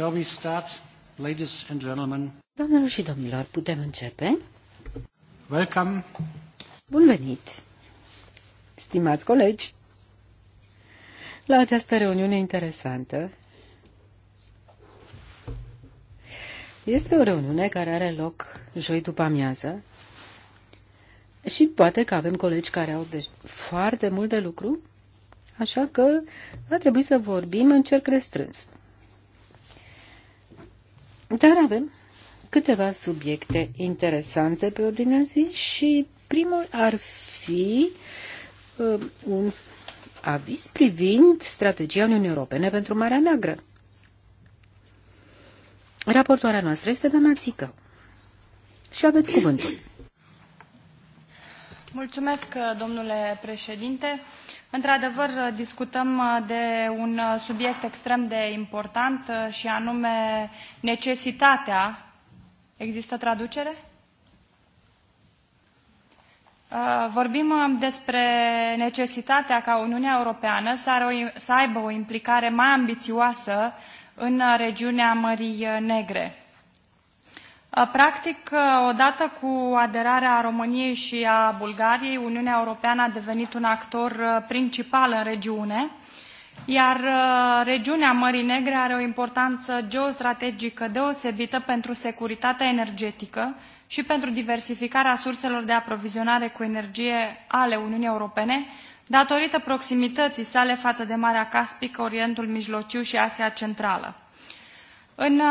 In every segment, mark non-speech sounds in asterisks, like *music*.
Shall we start, ladies and gentlemen? Doamnelor și domnilor, putem începe? Welcome. Bun venit, stimați colegi, la această reuniune interesantă. Este o reuniune care are loc joi după amiază și poate că avem colegi care au de foarte mult de lucru, așa că va trebui să vorbim în cerc restrâns. Dar avem câteva subiecte interesante pe ordinea zi și primul ar fi uh, un aviz privind strategia Uniunii Europene pentru Marea Neagră. Raportoarea noastră este doamna Țică. Și aveți cuvântul. Mulțumesc, domnule președinte. Într-adevăr, discutăm uh, de un uh, subiect extrem de important uh, și anume necesitatea. Există traducere? Vorbim despre necesitatea ca Uniunea Europeană să aibă o implicare mai ambițioasă în regiunea Mării Negre. Practic, odată cu aderarea României și a Bulgariei, Uniunea Europeană a devenit un actor uh, principal în regiune, iar uh, regiunea Mării Negre are o importanță geostrategică deosebită pentru securitatea energetică și pentru diversificarea surselor de aprovizionare cu energie ale Uniunii Europene, datorită proximității sale față de Marea Caspică, Orientul Mijlociu și Asia Centrală. În uh,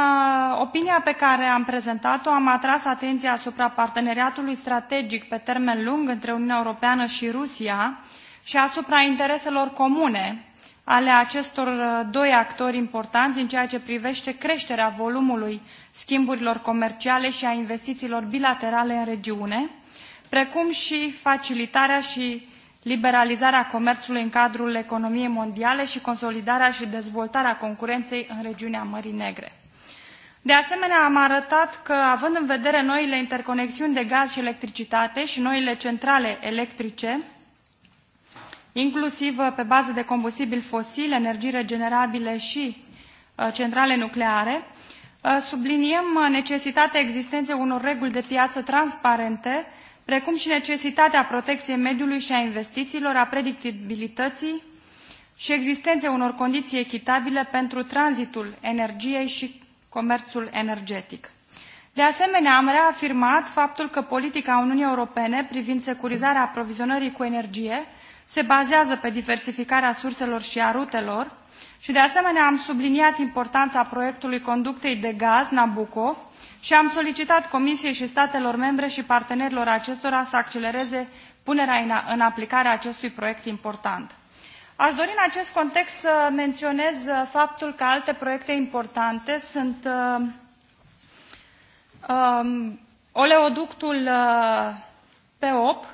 opinia pe care am prezentat-o, am atras atenția asupra parteneriatului strategic pe termen lung între Uniunea Europeană și Rusia și asupra intereselor comune ale acestor uh, doi actori importanți în ceea ce privește creșterea volumului schimburilor comerciale și a investițiilor bilaterale în regiune, precum și facilitarea și liberalizarea comerțului în cadrul economiei mondiale și consolidarea și dezvoltarea concurenței în regiunea Mării Negre. De asemenea, am arătat că, având în vedere noile interconexiuni de gaz și electricitate și noile centrale electrice, inclusiv uh, pe bază de combustibil fosil, energii regenerabile și uh, centrale nucleare, uh, subliniem necesitatea existenței unor reguli de piață transparente, precum și necesitatea protecției mediului și a investițiilor, a predictibilității și existenței unor condiții echitabile pentru tranzitul energiei și comerțul energetic. De asemenea, am reafirmat faptul că politica Uniunii Europene privind securizarea aprovizionării cu energie se bazează pe diversificarea surselor și a rutelor și, de asemenea, am subliniat importanța proiectului conductei de gaz Nabucco și am solicitat Comisiei și statelor membre și partenerilor acestora să accelereze punerea în aplicare a acestui proiect important. Aș dori în acest context să menționez uh, faptul că alte proiecte importante sunt uh, um, oleoductul uh, PEOP,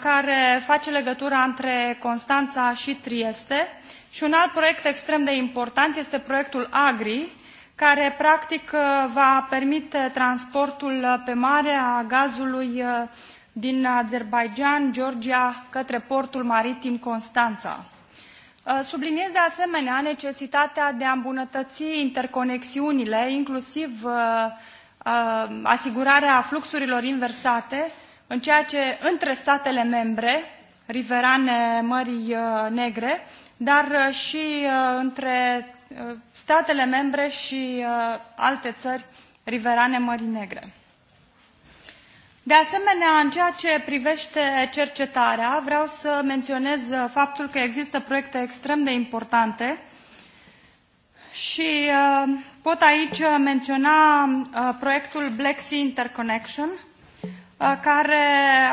care face legătura între Constanța și Trieste și un alt proiect extrem de important este proiectul AGRI, care practic va permite transportul pe mare a gazului din Azerbaijan, Georgia, către portul maritim Constanța. Uh, subliniez de asemenea necesitatea de a îmbunătăți interconexiunile, inclusiv uh, uh, asigurarea fluxurilor inversate în ceea ce între statele membre riverane Mării Negre, dar și între statele membre și alte țări riverane Mării Negre. De asemenea, în ceea ce privește cercetarea, vreau să menționez faptul că există proiecte extrem de importante și uh, pot aici menționa uh, proiectul Black Sea Interconnection, uh, care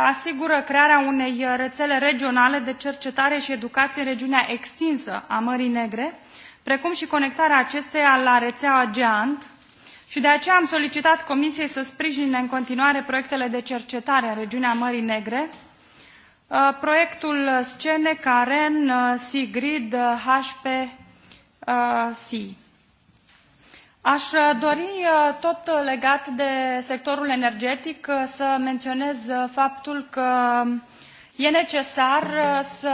asigură crearea unei rețele regionale de cercetare și educație în regiunea extinsă a Mării Negre, precum și conectarea acesteia la rețeaua GEANT, și de aceea am solicitat Comisiei să sprijine în continuare proiectele de cercetare în regiunea Mării Negre, uh, proiectul Scene, Karen, uh, Sigrid, C. Uh, Aș dori, tot legat de sectorul energetic, să menționez faptul că um, e necesar să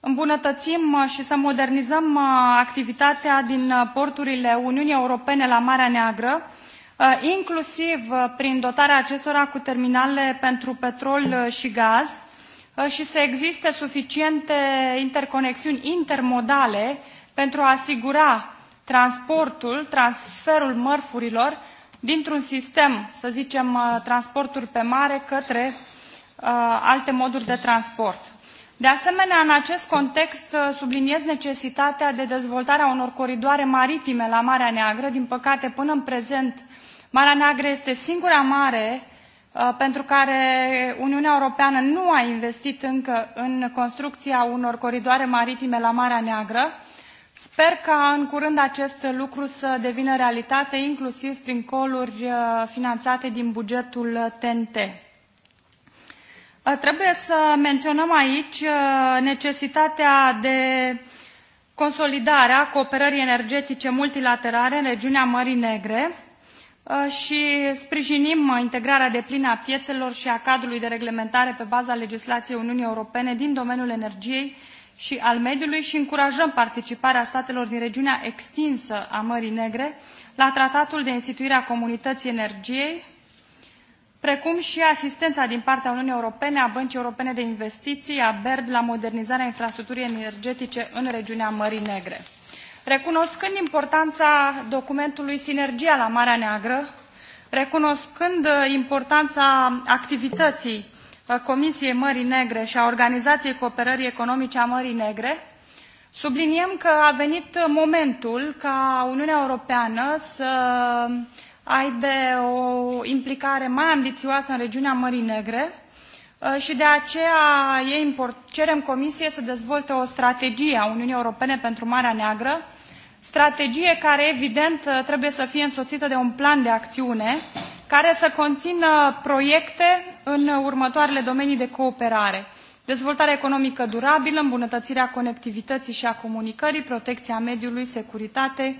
îmbunătățim uh, și să modernizăm uh, activitatea din uh, porturile Uniunii Europene la Marea Neagră, inclusiv prin dotarea acestora cu terminale pentru petrol și gaz și să existe suficiente interconexiuni intermodale pentru a asigura transportul, transferul mărfurilor dintr-un sistem, să zicem, transporturi pe mare către alte moduri de transport. De asemenea, în acest context, ă, subliniez necesitatea de dezvoltarea unor coridoare maritime la Marea Neagră. Din păcate, până în prezent, Marea Neagră este singura mare ă, pentru care Uniunea Europeană nu a investit încă în construcția unor coridoare maritime la Marea Neagră. Sper ca în curând acest lucru să devină realitate, inclusiv prin coluri ă, finanțate din bugetul TNT. Trebuie să menționăm aici uh, necesitatea de consolidarea cooperării energetice multilaterale în regiunea Mării Negre uh, și sprijinim integrarea deplină a piețelor și a cadrului de reglementare pe baza legislației Uniunii Europene din domeniul energiei și al mediului și încurajăm participarea statelor din regiunea extinsă a Mării Negre la Tratatul de instituire a Comunității Energiei precum și asistența din partea Uniunii Europene, a Băncii Europene de Investiții, a BERD, la modernizarea infrastructurii energetice în regiunea Mării Negre. Recunoscând importanța documentului Sinergia la Marea Neagră, recunoscând uh, importanța activității uh, Comisiei Mării Negre și a Organizației Cooperării Economice a Mării Negre, subliniem că a venit momentul ca Uniunea Europeană să ai de o implicare mai ambițioasă în regiunea Mării Negre uh, și de aceea cerem Comisiei să dezvolte o strategie a Uniunii Europene pentru Marea Neagră, strategie care, evident, uh, trebuie să fie însoțită de un plan de acțiune care să conțină proiecte în următoarele domenii de cooperare. Dezvoltare economică durabilă, îmbunătățirea conectivității și a comunicării, protecția mediului, securitate,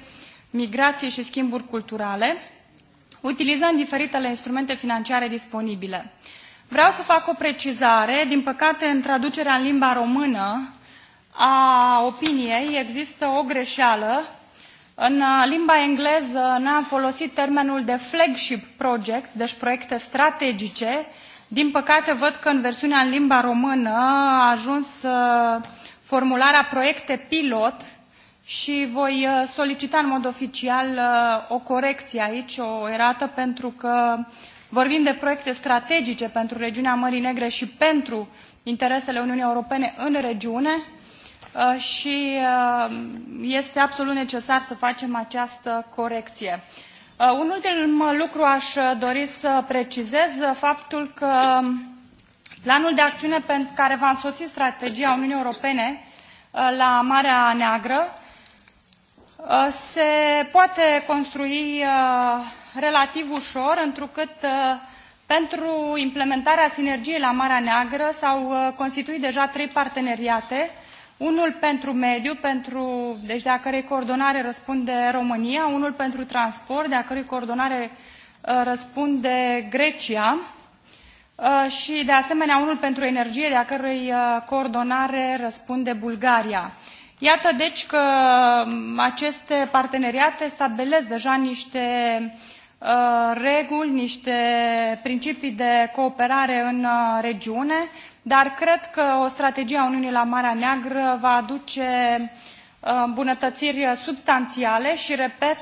migrație și schimburi culturale utilizând diferitele instrumente financiare disponibile. Vreau să fac o precizare. Din păcate, în traducerea în limba română a opiniei există o greșeală. În uh, limba engleză n-am folosit termenul de flagship projects, deci proiecte strategice. Din păcate, văd că în versiunea în limba română a ajuns uh, formularea proiecte pilot, și voi uh, solicita în mod oficial uh, o corecție aici, o erată, pentru că vorbim de proiecte strategice pentru regiunea Mării Negre și pentru interesele Uniunii Europene în regiune uh, și este absolut necesar să facem această corecție. Un ultim lucru aș dori să precizez faptul că planul de acțiune pentru care va însoți strategia Uniunii Europene la Marea Neagră Uh, se poate construi uh, relativ ușor, întrucât uh, pentru implementarea sinergiei la Marea Neagră s-au constituit deja trei parteneriate, unul pentru mediu, pentru, deci de a cărei coordonare răspunde România, unul pentru transport, de a cărei coordonare răspunde Grecia și, de asemenea, unul pentru energie, de a cărei coordonare răspunde Bulgaria. Iată deci că aceste parteneriate stabilesc deja niște ă, reguli, niște principii de cooperare în ă, regiune, dar cred că o strategie a Uniunii la Marea Neagră va aduce ă, îmbunătățiri substanțiale și, repet,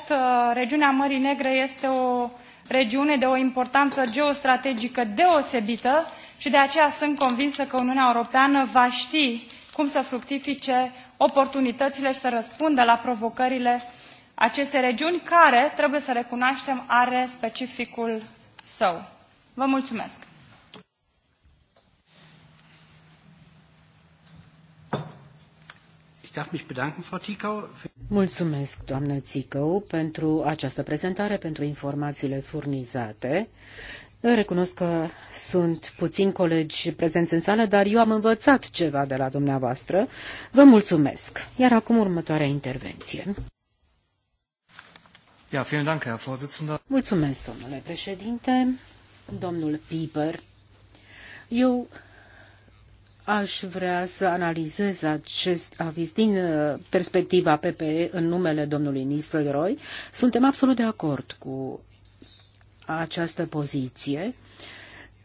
regiunea Mării Negre este o regiune de o importanță geostrategică deosebită și de aceea sunt convinsă că Uniunea Europeană va ști cum să fructifice oportunitățile și să răspundă la provocările acestei regiuni, care, trebuie să recunoaștem, are specificul său. Vă mulțumesc! Mulțumesc, doamnă Țicău, pentru această prezentare, pentru informațiile furnizate. Recunosc că sunt puțini colegi prezenți în sală, dar eu am învățat ceva de la dumneavoastră. Vă mulțumesc. Iar acum următoarea intervenție. Ja, vielen Dank, Herr Vorsitzender. Mulțumesc, domnule președinte, domnul Piper. Eu aș vrea să analizez acest aviz din uh, perspectiva PPE în numele domnului Nistelrooy. Suntem absolut de acord cu această poziție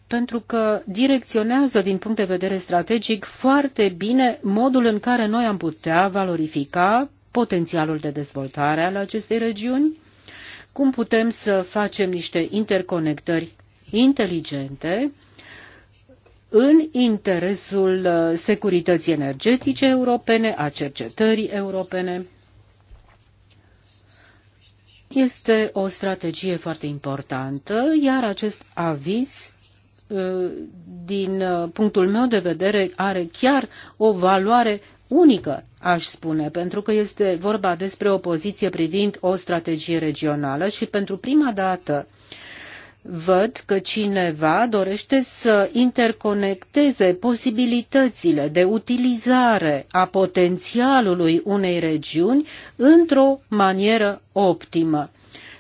pentru că direcționează din punct de vedere strategic foarte bine modul în care noi am putea valorifica potențialul de dezvoltare al acestei regiuni, cum putem să facem niște interconectări inteligente în interesul uh, securității energetice europene, a cercetării europene este o strategie foarte importantă, iar acest aviz ă, din ă, punctul meu de vedere, are chiar o valoare unică, aș spune, pentru că este vorba despre o poziție privind o strategie regională și pentru prima dată văd că cineva dorește să interconecteze posibilitățile de utilizare a potențialului unei regiuni într-o manieră optimă.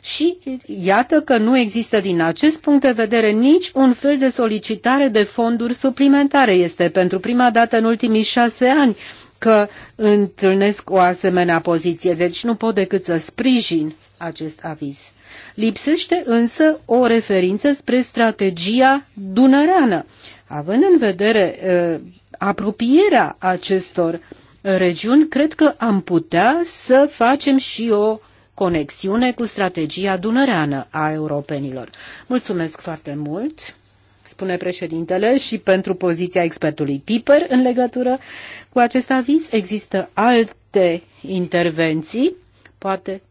Și iată că nu există din acest punct de vedere nici un fel de solicitare de fonduri suplimentare. Este pentru prima dată în ultimii șase ani că întâlnesc o asemenea poziție, deci nu pot decât să sprijin acest aviz. Lipsește însă o referință spre strategia dunăreană, având în vedere apropierea acestor regiuni, cred că am putea să facem și o conexiune cu strategia dunăreană a europenilor. Mulțumesc foarte mult, spune președintele, și pentru poziția expertului Piper în legătură cu acest aviz. Există alte intervenții, poate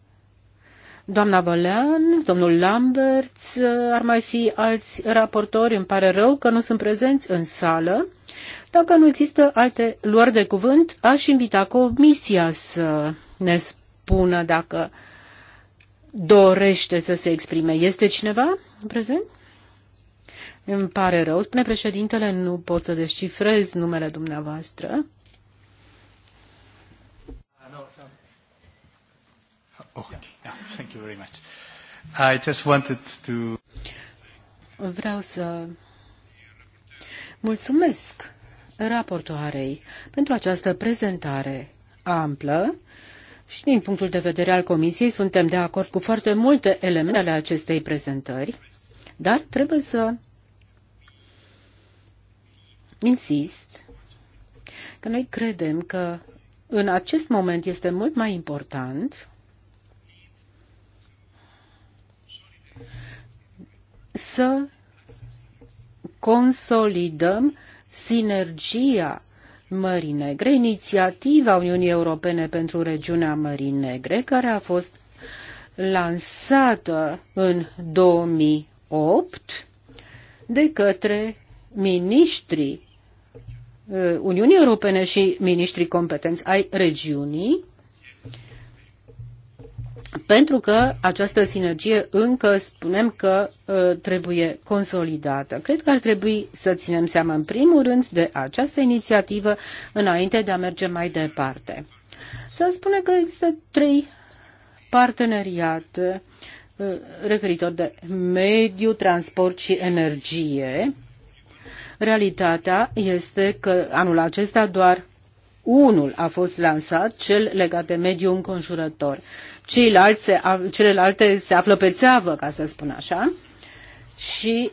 doamna Bălean, domnul Lamberts, uh, ar mai fi alți raportori, îmi pare rău că nu sunt prezenți în sală. Dacă nu există alte luări de cuvânt, aș invita comisia să ne spună dacă dorește să se exprime. Este cineva prezent? Îmi pare rău, spune președintele, nu pot să descifrez numele dumneavoastră. Ah, ah, okay. Thank you very much. I just wanted to... Vreau să mulțumesc raportoarei pentru această prezentare amplă și din punctul de vedere al Comisiei suntem de acord cu foarte multe elemente ale acestei prezentări, dar trebuie să insist că noi credem că în acest moment este mult mai important să consolidăm sinergia Mării Negre, inițiativa Uniunii Europene pentru regiunea Mării Negre, care a fost lansată în 2008 de către ministrii uh, Uniunii Europene și ministrii competenți ai regiunii pentru că această sinergie încă spunem că uh, trebuie consolidată. Cred că ar trebui să ținem seama în primul rând de această inițiativă înainte de a merge mai departe. Să spune că există trei parteneriate uh, referitor de mediu, transport și energie. Realitatea este că anul acesta doar unul a fost lansat, cel legat de mediul înconjurător. Ceilalți se, celelalte se află pe țeavă, ca să spun așa, și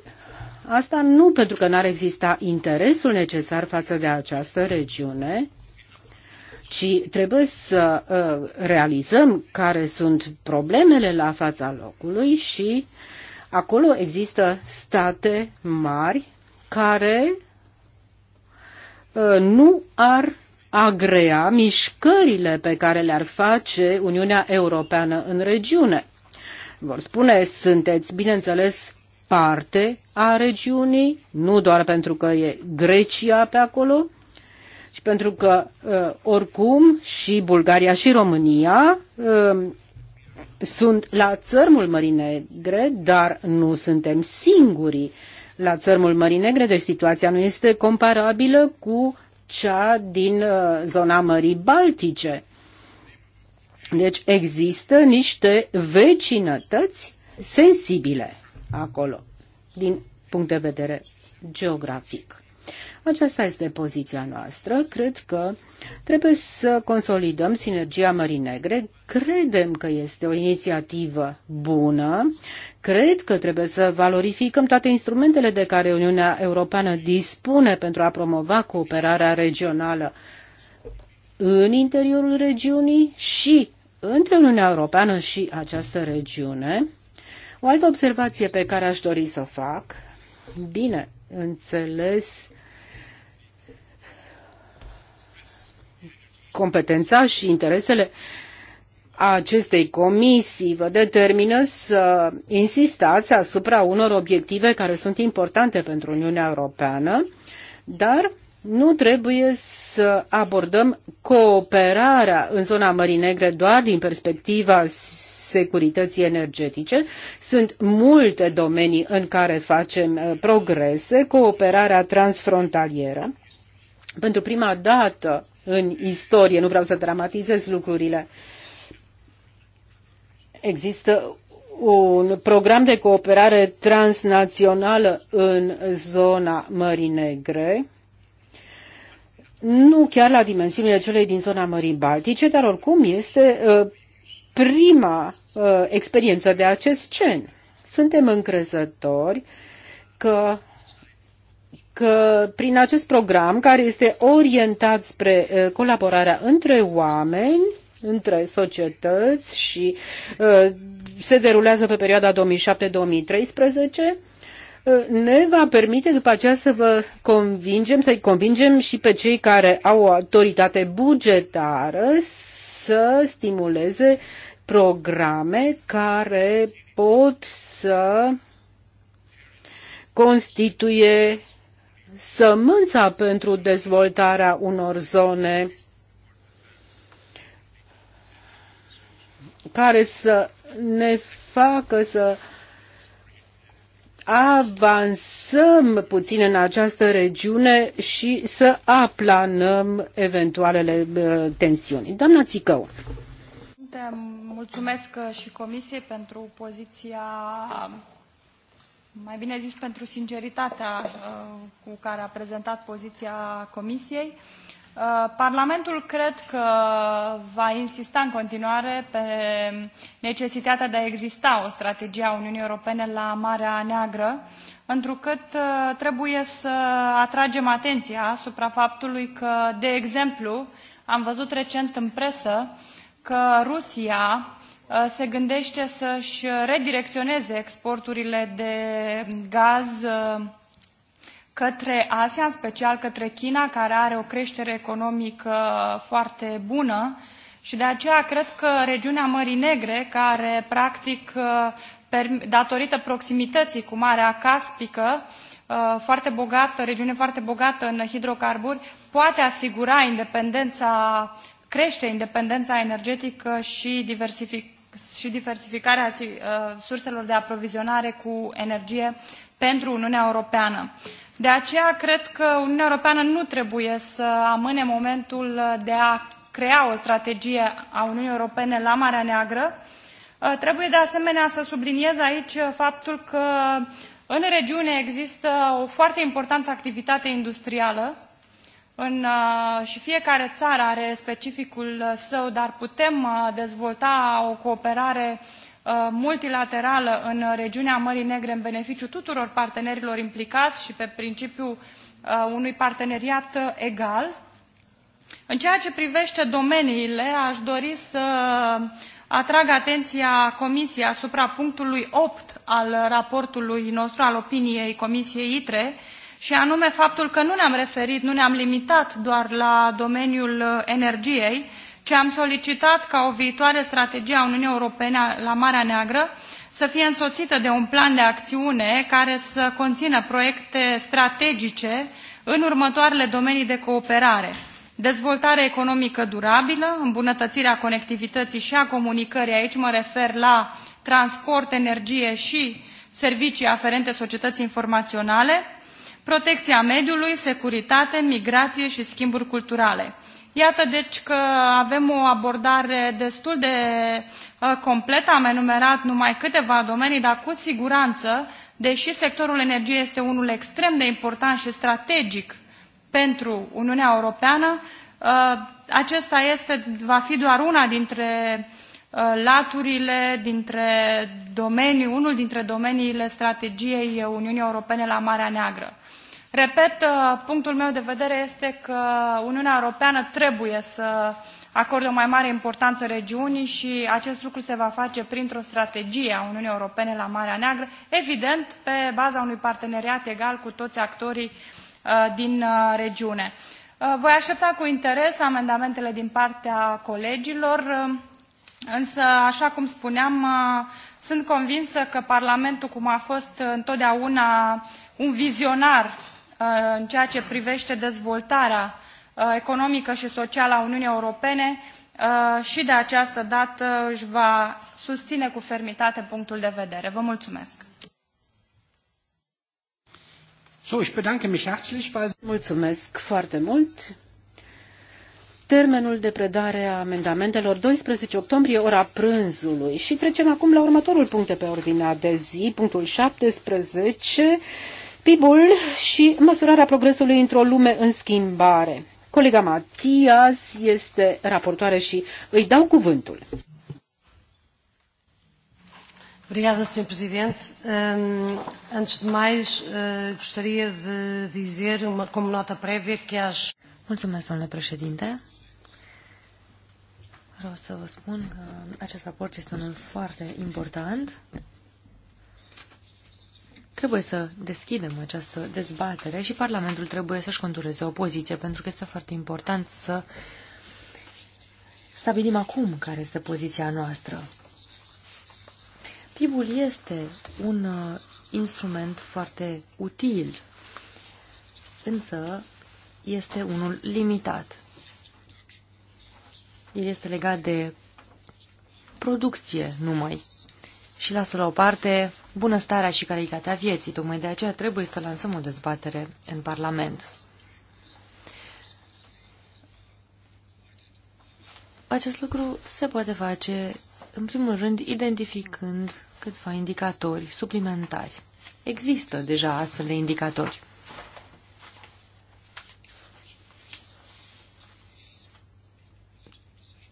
asta nu pentru că n-ar exista interesul necesar față de această regiune, ci trebuie să uh, realizăm care sunt problemele la fața locului și acolo există state mari care uh, nu ar agrea mișcările pe care le-ar face Uniunea Europeană în regiune. Vor spune, sunteți, bineînțeles, parte a regiunii, nu doar pentru că e Grecia pe acolo, ci pentru că uh, oricum și Bulgaria și România uh, sunt la țărmul Mării Negre, dar nu suntem singurii la țărmul Mării Negre, deci situația nu este comparabilă cu cea din uh, zona Mării Baltice. Deci există niște vecinătăți sensibile acolo, din punct de vedere geografic. Aceasta este poziția noastră. Cred că trebuie să consolidăm sinergia Mării Negre. Credem că este o inițiativă bună. Cred că trebuie să valorificăm toate instrumentele de care Uniunea Europeană dispune pentru a promova cooperarea regională în interiorul regiunii și între Uniunea Europeană și această regiune. O altă observație pe care aș dori să o fac, bine, înțeles competența și interesele acestei comisii vă determină să insistați asupra unor obiective care sunt importante pentru Uniunea Europeană, dar nu trebuie să abordăm cooperarea în zona Mării Negre doar din perspectiva securității energetice. Sunt multe domenii în care facem uh, progrese, cooperarea transfrontalieră. Pentru prima dată în istorie, nu vreau să dramatizez lucrurile. Există un program de cooperare transnațională în zona Mării Negre, nu chiar la dimensiunile celei din zona Mării Baltice, dar oricum este uh, prima uh, experiență de acest gen. Suntem încrezători că că prin acest program, care este orientat spre uh, colaborarea între oameni, între societăți și uh, se derulează pe perioada 2007-2013, uh, ne va permite după aceea să vă convingem, să-i convingem și pe cei care au o autoritate bugetară să stimuleze programe care pot să constituie sămânța pentru dezvoltarea unor zone care să ne facă să avansăm puțin în această regiune și să aplanăm eventualele tensiuni. Doamna Țicău. Mulțumesc și Comisiei pentru poziția mai bine zis pentru sinceritatea uh, cu care a prezentat poziția Comisiei. Uh, Parlamentul cred că va insista în continuare pe necesitatea de a exista o strategie a Uniunii Europene la Marea Neagră, întrucât uh, trebuie să atragem atenția asupra faptului că, de exemplu, am văzut recent în presă că Rusia Uh, se gândește să-și redirecționeze exporturile de gaz uh, către Asia, în special către China, care are o creștere economică foarte bună și de aceea cred că regiunea Mării Negre, care practic uh, datorită proximității cu Marea Caspică, foarte bogată, regiune foarte bogată în hidrocarburi, poate asigura independența, crește independența energetică și diversificarea și diversificarea uh, surselor de aprovizionare cu energie pentru Uniunea Europeană. De aceea cred că Uniunea Europeană nu trebuie să amâne momentul uh, de a crea o strategie a Uniunii Europene la Marea Neagră. Uh, trebuie de asemenea să subliniez aici faptul că în regiune există o foarte importantă activitate industrială în, uh, și fiecare țară are specificul uh, său, dar putem uh, dezvolta o cooperare multilaterală în regiunea Mării Negre în beneficiu tuturor partenerilor implicați și pe principiul unui parteneriat egal. În ceea ce privește domeniile, aș dori să atrag atenția Comisiei asupra punctului opt al raportului nostru, al opiniei Comisiei ITRE, și anume faptul că nu ne-am referit, nu ne-am limitat doar la domeniul uh, energiei, ci am solicitat ca o viitoare strategie a Uniunii Europene la Marea Neagră să fie însoțită de un plan de acțiune care să conțină proiecte strategice în următoarele domenii de cooperare. Dezvoltare economică durabilă, îmbunătățirea conectivității și a comunicării, aici mă refer la transport, energie și servicii aferente societății informaționale, protecția mediului, securitate, migrație și schimburi culturale. Iată deci că avem o abordare destul de uh, completă, am enumerat numai câteva domenii, dar cu siguranță, deși sectorul energiei este unul extrem de important și strategic pentru Uniunea Europeană, uh, acesta este, va fi doar una dintre uh, laturile, dintre domenii, unul dintre domeniile strategiei Uniunii Europene la Marea Neagră. Repet, uh, punctul meu de vedere este că Uniunea Europeană trebuie să acorde o mai mare importanță regiunii și acest lucru se va face printr-o strategie a Uniunii Europene la Marea Neagră, evident pe baza unui parteneriat egal cu toți actorii uh, din uh, regiune. Voi aștepta cu interes amendamentele din partea colegilor, însă, așa cum spuneam, sunt convinsă că Parlamentul, cum a fost întotdeauna un vizionar Uh, în ceea ce privește dezvoltarea uh, economică și socială a Uniunii Europene uh, și de această dată își va susține cu fermitate punctul de vedere. Vă mulțumesc! So, ich bedanke mich herzlich. Mulțumesc foarte mult! termenul de predare a amendamentelor 12 octombrie, ora prânzului. Și trecem acum la următorul punct de pe ordinea de zi, punctul 17, PIB-ul și măsurarea progresului într-o lume în schimbare. Colega Matias este raportoare și îi dau cuvântul. Obrigada, Sr. Presidente. Um, antes de mais, uh, gostaria de dizer, uma, como nota prévia, que acho... Mulțumesc, domnule președinte. Vreau să vă spun că acest raport este unul foarte important Trebuie să deschidem această dezbatere și Parlamentul trebuie să-și contureze o poziție, pentru că este foarte important să stabilim acum care este poziția noastră. PIB-ul este un uh, instrument foarte util, însă este unul limitat. El este legat de producție numai și lasă la o parte bunăstarea și calitatea vieții. Tocmai de aceea trebuie să lansăm o dezbatere în Parlament. Acest lucru se poate face, în primul rând, identificând câțiva indicatori suplimentari. Există deja astfel de indicatori.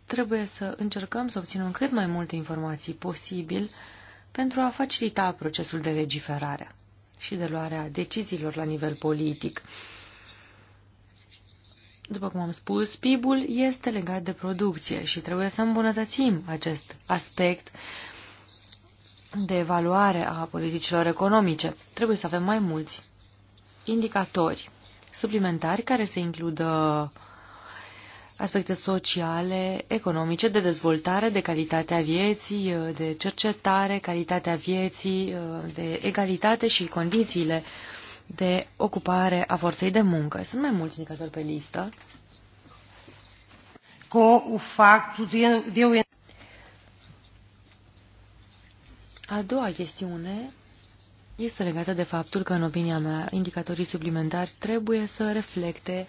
Trebuie să încercăm să obținem cât mai multe informații posibil uh, pentru a facilita procesul de legiferare și de luarea deciziilor la nivel politic. După cum am spus, PIB-ul este legat de producție și trebuie să îmbunătățim acest aspect de evaluare a politicilor economice. Trebuie să avem mai mulți indicatori suplimentari care să includă uh, aspecte sociale, economice, de dezvoltare, de calitatea vieții, uh, de cercetare, calitatea vieții, uh, de egalitate și condițiile de ocupare a forței de muncă. Sunt mai mulți indicatori pe listă. Cu faptul de eu... A doua chestiune este legată de faptul că, în opinia mea, indicatorii suplimentari trebuie să reflecte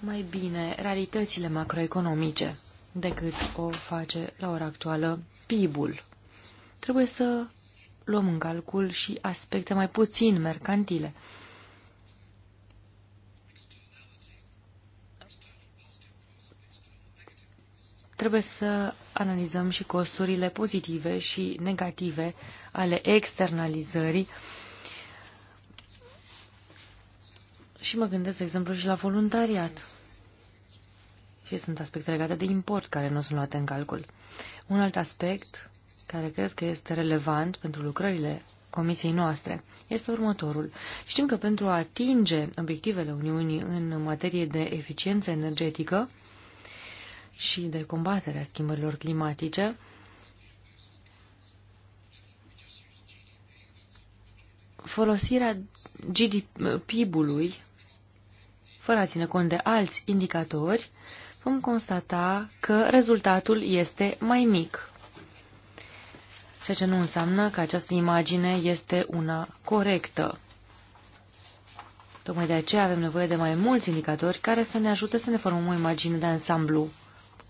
mai bine realitățile macroeconomice decât o face la ora actuală PIB-ul. Trebuie să luăm în calcul și aspecte mai puțin mercantile. Trebuie să analizăm și costurile pozitive și negative ale externalizării uh, Și mă gândesc, de exemplu, și la voluntariat. Și sunt aspecte legate de import care nu sunt luate în calcul. Un alt aspect care cred că este relevant pentru lucrările comisiei noastre este următorul. Știm că pentru a atinge obiectivele Uniunii în materie de eficiență energetică și de combaterea schimbărilor climatice, folosirea GDP-ului fără a ține cont de alți indicatori, vom constata că rezultatul este mai mic. Ceea ce nu înseamnă că această imagine este una corectă. Tocmai de aceea avem nevoie de mai mulți indicatori care să ne ajute să ne formăm o imagine de ansamblu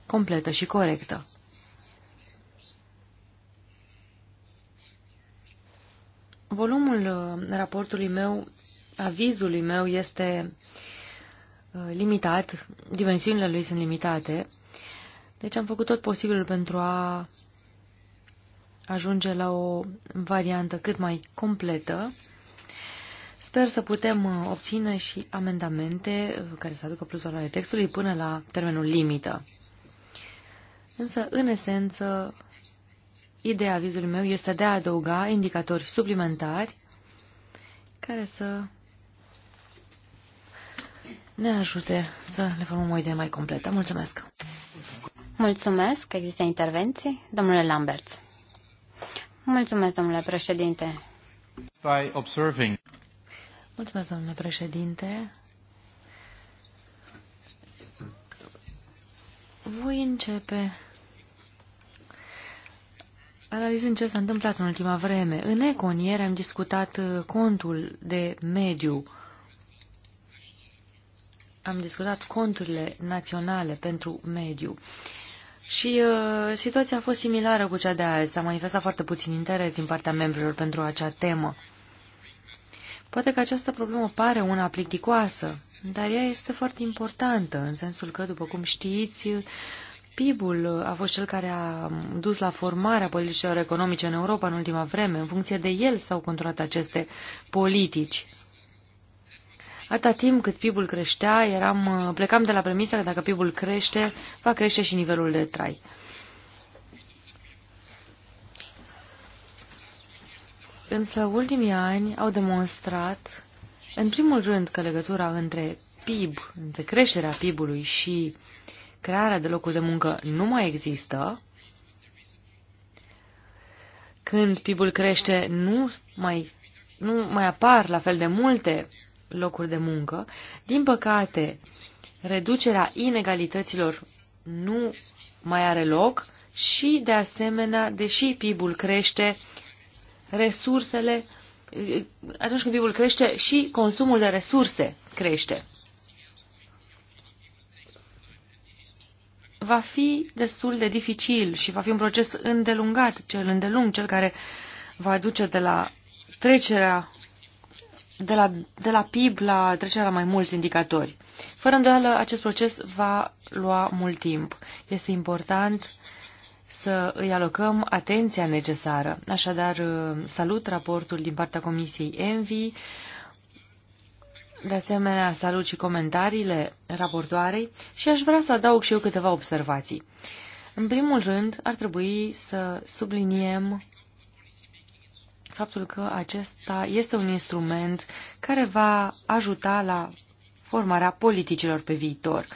completă și corectă. Volumul uh, raportului meu, avizului meu, este uh, Uh, limitat, dimensiunile lui sunt limitate, deci am făcut tot posibilul pentru a ajunge la o variantă cât mai completă. Sper să putem uh, obține și amendamente uh, care să aducă plus valoare textului până la termenul limită. Însă, în esență, ideea vizului meu este de a adăuga indicatori suplimentari care să ne ajute să ne formăm o idee mai completă. Mulțumesc! Mulțumesc! Există intervenții? Domnule Lamberts. Mulțumesc, domnule președinte. By observing. Mulțumesc, domnule președinte. Voi începe analizând ce s-a întâmplat în ultima vreme. În Econ, ieri am discutat uh, contul de mediu am discutat conturile naționale pentru mediu. Și uh, situația a fost similară cu cea de azi. S-a manifestat foarte puțin interes din partea membrilor pentru acea temă. Poate că această problemă pare una plicticoasă, dar ea este foarte importantă, în sensul că, după cum știți, PIB-ul a fost cel care a dus la formarea politicilor economice în Europa în ultima vreme. În funcție de el s-au controlat aceste politici. Atâta timp cât PIB-ul creștea, eram, uh, plecam de la premisa că dacă PIB-ul crește, va crește și nivelul de trai. Însă ultimii ani au demonstrat, în primul rând, că legătura între PIB, între creșterea PIB-ului și crearea de locuri de muncă nu mai există. Când PIB-ul crește, nu mai, nu mai apar la fel de multe locuri de muncă. Din păcate, reducerea inegalităților nu mai are loc și, de asemenea, deși PIB-ul crește, resursele, atunci când PIB-ul crește, și consumul de resurse crește. Va fi destul de dificil și va fi un proces îndelungat, cel îndelung, cel care va duce de la trecerea de la, de la PIB la trecerea la mai mulți indicatori. Fără îndoială, acest proces va lua mult timp. Este important să îi alocăm atenția necesară. Așadar, salut raportul din partea Comisiei ENVI. De asemenea, salut și comentariile raportoarei și aș vrea să adaug și eu câteva observații. În primul rând, ar trebui să subliniem faptul că acesta este un instrument care va ajuta la formarea politicilor pe viitor.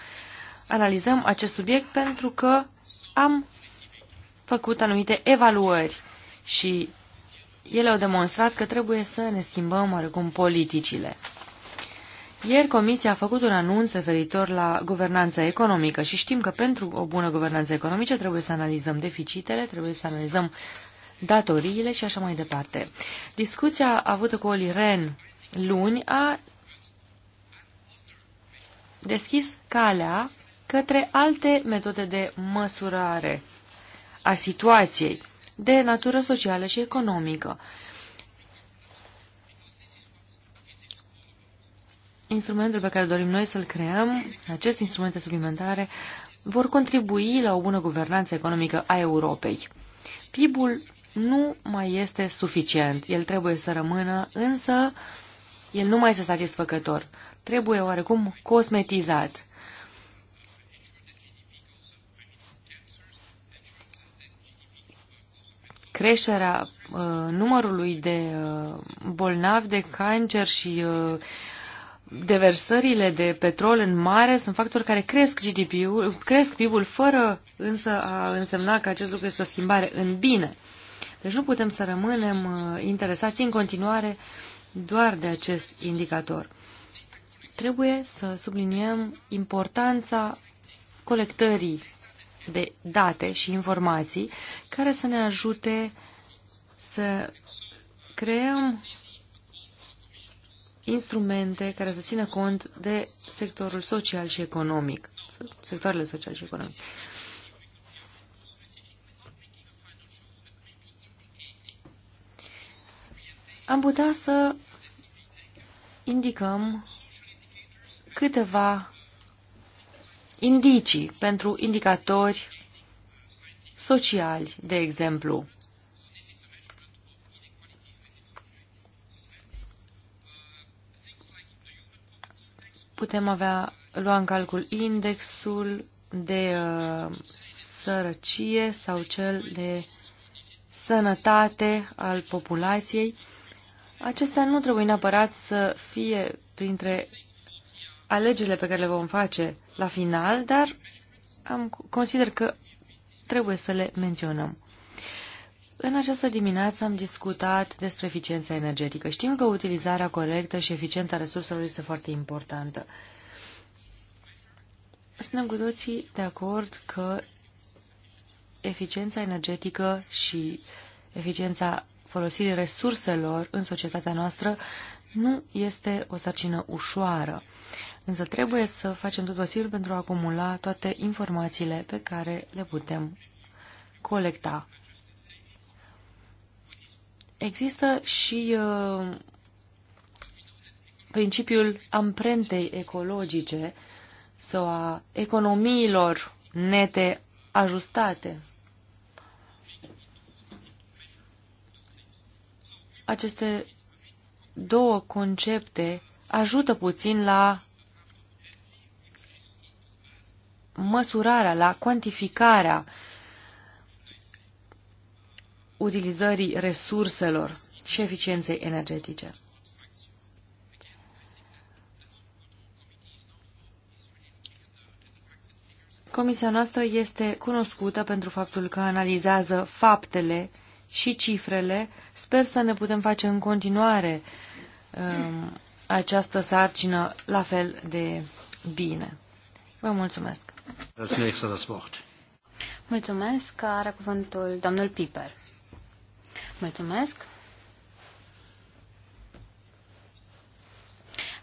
Analizăm acest subiect pentru că am făcut anumite evaluări și ele au demonstrat că trebuie să ne schimbăm oarecum politicile. Ieri Comisia a făcut un anunț referitor la guvernanța economică și știm că pentru o bună guvernanță economică trebuie să analizăm deficitele, trebuie să analizăm datoriile și așa mai departe. Discuția avută cu Oli Ren luni a deschis calea către alte metode de măsurare a situației de natură socială și economică. Instrumentul pe care dorim noi să-l creăm, aceste instrumente suplimentare, vor contribui la o bună guvernanță economică a Europei. PIB-ul nu mai este suficient. El trebuie să rămână, însă el nu mai este satisfăcător. Trebuie oarecum cosmetizat. Creșterea uh, numărului de uh, bolnavi de cancer și uh, deversările de petrol în mare sunt factori care cresc GDP-ul, cresc PIB-ul fără însă a însemna că acest lucru este o schimbare în bine. Deci nu putem să rămânem uh, interesați în continuare doar de acest indicator. Trebuie să subliniem importanța colectării de date și informații care să ne ajute să creăm instrumente care să țină cont de sectorul social și economic, sectoarele social și economic. am putea să indicăm câteva indicii pentru indicatori sociali, de exemplu. Putem avea, lua în calcul indexul de uh, sărăcie sau cel de sănătate al populației acestea nu trebuie neapărat să fie printre alegerile pe care le vom face la final, dar am, consider că trebuie să le menționăm. În această dimineață am discutat despre eficiența energetică. Știm că utilizarea corectă și eficientă a resurselor este foarte importantă. Suntem cu toții de acord că eficiența energetică și eficiența folosirii resurselor în societatea noastră nu este o sarcină ușoară, însă trebuie să facem tot posibil pentru a acumula toate informațiile pe care le putem colecta. Există și uh, principiul amprentei ecologice sau a economiilor nete ajustate aceste două concepte ajută puțin la măsurarea, la cuantificarea utilizării resurselor și eficienței energetice. Comisia noastră este cunoscută pentru faptul că analizează faptele și cifrele. Sper să ne putem face în continuare um, această sarcină la fel de bine. Vă mulțumesc. Mulțumesc. Are cuvântul domnul Piper. Mulțumesc.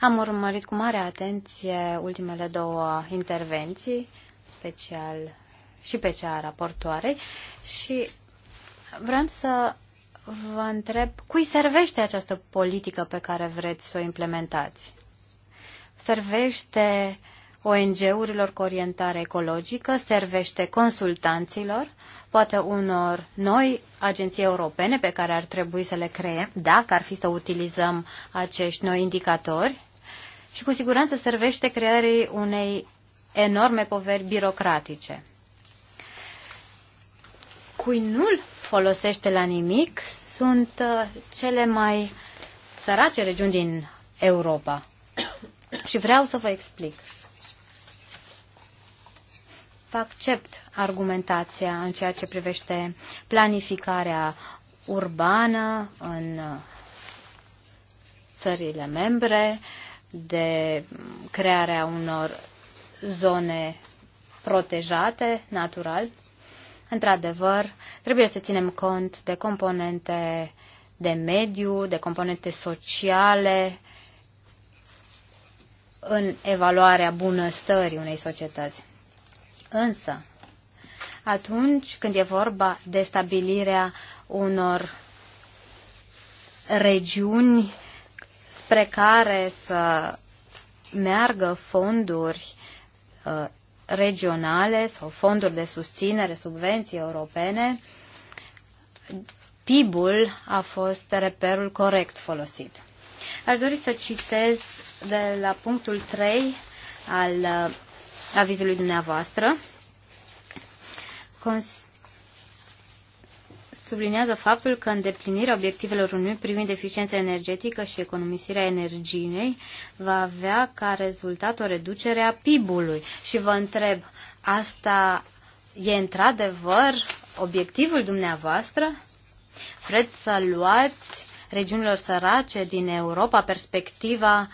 Am urmărit cu mare atenție ultimele două intervenții, special și pe cea a raportoarei, și Vreau să vă întreb cui servește această politică pe care vreți să o implementați? Servește ONG-urilor cu orientare ecologică, servește consultanților, poate unor noi agenții europene pe care ar trebui să le creăm, dacă ar fi să utilizăm acești noi indicatori și cu siguranță servește creării unei enorme poveri birocratice cui nu-l folosește la nimic sunt uh, cele mai sărace regiuni din Europa. Și vreau să vă explic. Accept argumentația în ceea ce privește planificarea urbană în uh, țările membre, de crearea unor zone protejate natural Într-adevăr, trebuie să ținem cont de componente de mediu, de componente sociale în evaluarea bunăstării unei societăți. Însă, atunci când e vorba de stabilirea unor regiuni spre care să meargă fonduri uh, regionale sau fonduri de susținere, subvenții europene, PIB-ul a fost reperul corect folosit. Aș dori să citez de la punctul 3 al uh, avizului dumneavoastră. Cons- subliniază faptul că îndeplinirea obiectivelor Uniunii privind eficiența energetică și economisirea energiei va avea ca rezultat o reducere a PIB-ului. Și vă întreb, asta e într-adevăr obiectivul dumneavoastră? Vreți să luați regiunilor sărace din Europa perspectiva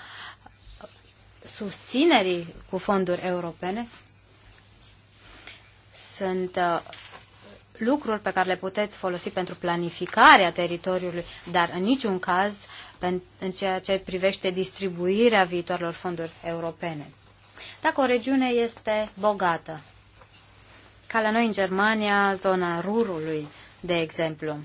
susținerii cu fonduri europene? Sunt uh, lucruri pe care le puteți folosi pentru planificarea teritoriului, dar în niciun caz în ceea ce privește distribuirea viitoarelor fonduri europene. Dacă o regiune este bogată, ca la noi în Germania, zona Rurului, de exemplu,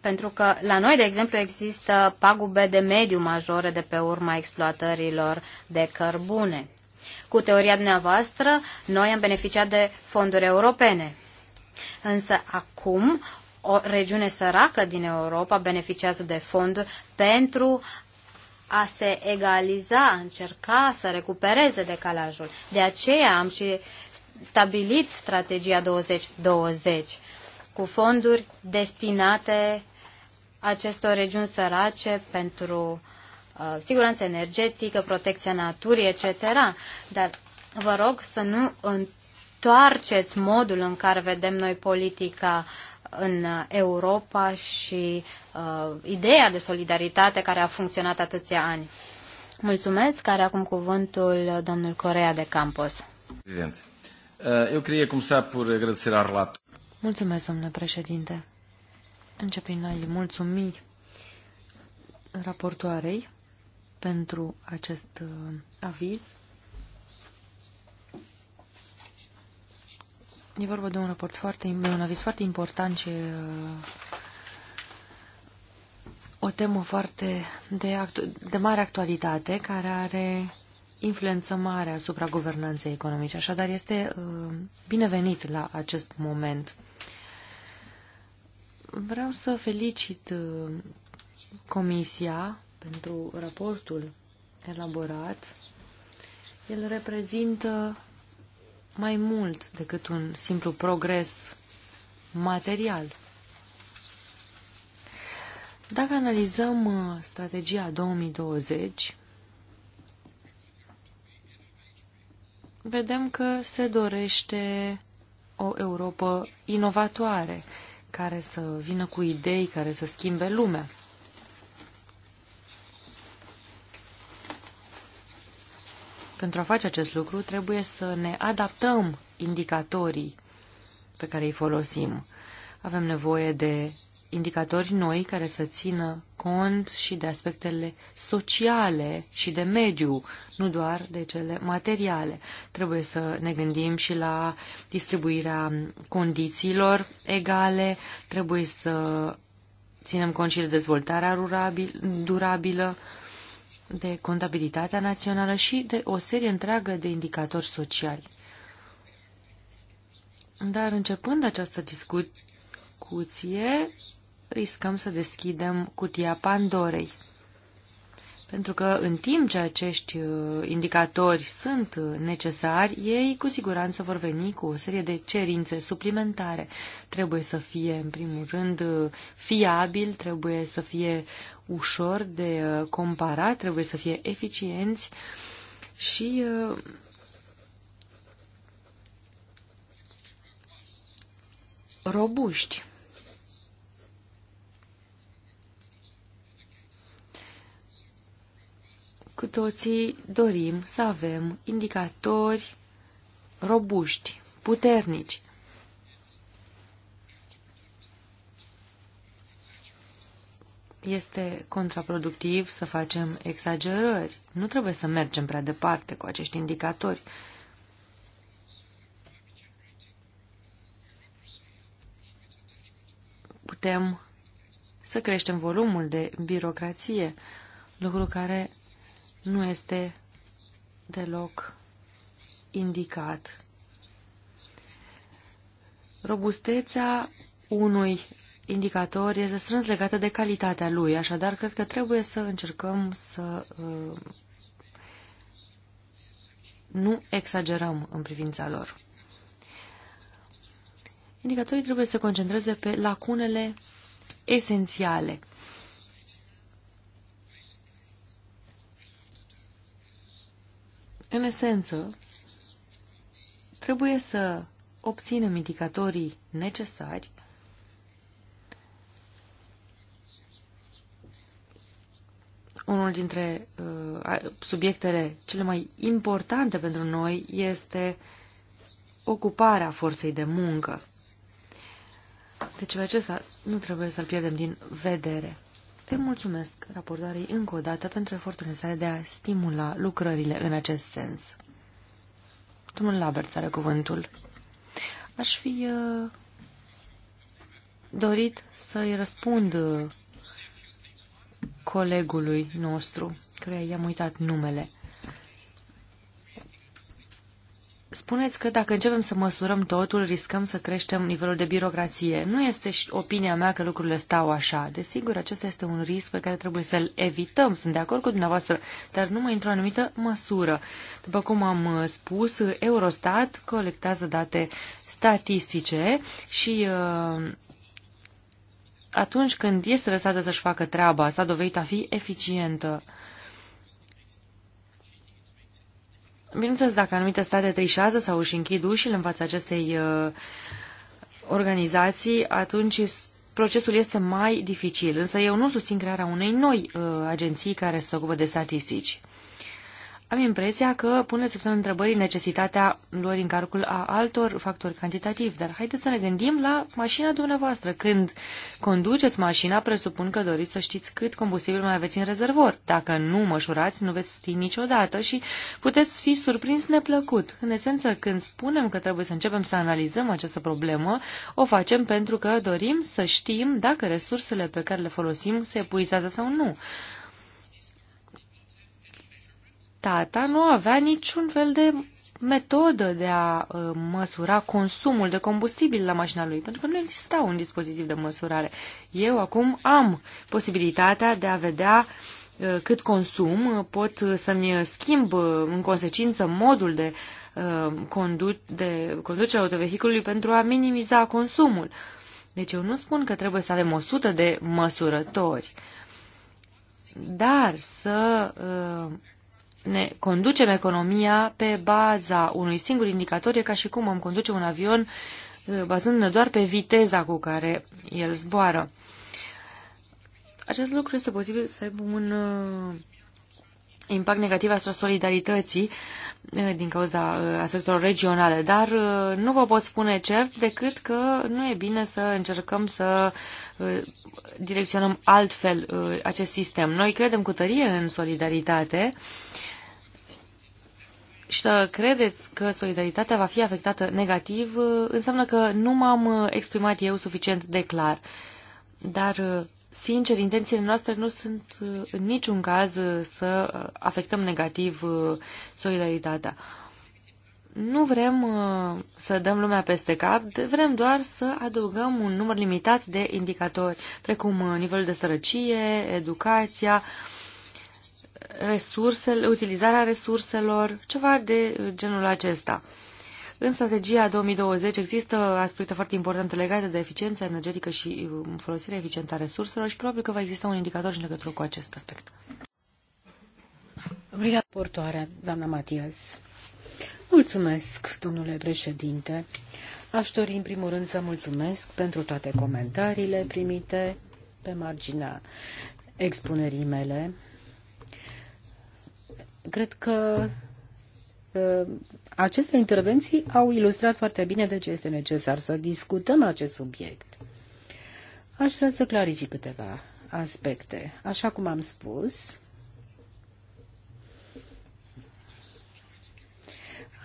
pentru că la noi, de exemplu, există pagube de mediu majore de pe urma exploatărilor de cărbune cu teoria dumneavoastră, noi am beneficiat de fonduri europene. Însă acum o regiune săracă din Europa beneficiază de fonduri pentru a se egaliza, a încerca să recupereze decalajul. De aceea am și stabilit strategia 2020 cu fonduri destinate acestor regiuni sărace pentru Uh, siguranță energetică, protecția naturii, etc. Dar vă rog să nu întoarceți modul în care vedem noi politica în Europa și uh, ideea de solidaritate care a funcționat atâția ani. Mulțumesc, care acum cuvântul domnul Corea de Campos. Prezident, uh, eu queria cum să pur regresirea relator. Mulțumesc, domnule președinte. Începem noi a raportoarei pentru acest uh, aviz. E vorba de un raport foarte, de un aviz foarte important și uh, o temă foarte de, actu- de mare actualitate care are influență mare asupra guvernanței economice. Așadar, este uh, binevenit la acest moment. Vreau să felicit Comisia pentru raportul elaborat. El reprezintă mai mult decât un simplu progres material. Dacă analizăm uh, strategia 2020, vedem că se dorește o Europa inovatoare, care să vină cu idei, care să schimbe lumea. Pentru a face acest lucru, trebuie să ne adaptăm indicatorii pe care îi folosim. Avem nevoie de indicatori noi care să țină cont și de aspectele sociale și de mediu, nu doar de cele materiale. Trebuie să ne gândim și la distribuirea condițiilor egale, trebuie să ținem cont și de dezvoltarea durabilă, de contabilitatea națională și de o serie întreagă de indicatori sociali. Dar începând această discuție, riscăm să deschidem cutia Pandorei. Pentru că în timp ce acești uh, indicatori sunt uh, necesari, ei cu siguranță vor veni cu o serie de cerințe suplimentare. Trebuie să fie, în primul rând, uh, fiabil, trebuie să fie ușor de uh, comparat, trebuie să fie eficienți și uh, robuști. Cu toții dorim să avem indicatori robuști, puternici, este contraproductiv să facem exagerări. Nu trebuie să mergem prea departe cu acești indicatori. Putem să creștem volumul de birocrație, lucru care nu este deloc indicat. Robustețea unui indicator este strâns legată de calitatea lui, așadar cred că trebuie să încercăm să uh, nu exagerăm în privința lor. Indicatorii trebuie să se concentreze pe lacunele esențiale. În esență, trebuie să obținem indicatorii necesari unul dintre uh, subiectele cele mai importante pentru noi este ocuparea forței de muncă. Deci pe acesta nu trebuie să-l pierdem din vedere. Îi mulțumesc raportoarei încă o dată pentru eforturile sale de a stimula lucrările în acest sens. Domnul Labert are cuvântul. Aș fi uh, dorit să-i răspund uh, colegului nostru, căruia i-am uitat numele. Spuneți că dacă începem să măsurăm totul, riscăm să creștem nivelul de birocrație. Nu este și opinia mea că lucrurile stau așa. Desigur, acesta este un risc pe care trebuie să-l evităm. Sunt de acord cu dumneavoastră, dar numai într-o anumită măsură. După cum am uh, spus, Eurostat colectează date statistice și uh, atunci când este lăsată să-și facă treaba, s-a dovedit a fi eficientă. Bineînțeles, dacă anumite state trișează sau își închid ușile în fața acestei uh, organizații, atunci procesul este mai dificil. Însă eu nu susțin crearea unei noi uh, agenții care se ocupă de statistici. Am impresia că pune sub semnul întrebării necesitatea lor în calcul a altor factori cantitativi, dar haideți să ne gândim la mașina dumneavoastră. Când conduceți mașina, presupun că doriți să știți cât combustibil mai aveți în rezervor. Dacă nu măsurați, nu veți ști niciodată și puteți fi surprins neplăcut. În esență, când spunem că trebuie să începem să analizăm această problemă, o facem pentru că dorim să știm dacă resursele pe care le folosim se epuizează sau nu tata nu avea niciun fel de metodă de a ă, măsura consumul de combustibil la mașina lui, pentru că nu exista un dispozitiv de măsurare. Eu acum am posibilitatea de a vedea ă, cât consum, ă, pot să-mi schimb în consecință modul de, condu- de conducere autovehiculului pentru a minimiza consumul. Deci eu nu spun că trebuie să avem 100 de măsurători, dar să uh, ne conducem economia pe baza unui singur indicator, e ca și cum am conduce un avion uh, bazându-ne doar pe viteza cu care el zboară. Acest lucru este posibil să aibă un uh, impact negativ asupra solidarității uh, din cauza aspectelor regionale, dar nu vă pot spune cert decât că nu e bine să încercăm să direcționăm altfel acest sistem. Noi credem cu tărie în solidaritate și credeți că solidaritatea va fi afectată negativ, înseamnă că nu m-am uh, exprimat eu suficient de clar. Dar, uh, sincer, intențiile noastre nu sunt uh, în niciun caz să afectăm negativ solidaritatea. Nu vrem să dăm lumea peste cap, vrem doar să adăugăm un număr limitat de indicatori, precum nivelul de sărăcie, educația, resursele, utilizarea resurselor, ceva de uh, genul acesta. În strategia 2020 există aspecte foarte importante legate de eficiența energetică și uh, folosirea eficientă a resurselor și probabil că va exista un indicator și legătură cu acest aspect. Obrigată, portoare, doamna Matias. Mulțumesc, domnule președinte. Aș dori, în primul rând, să mulțumesc pentru toate comentariile primite pe marginea expunerii mele cred că uh, aceste intervenții au ilustrat foarte bine de ce este necesar să discutăm acest subiect. Aș vrea să clarific câteva aspecte. Așa cum am spus,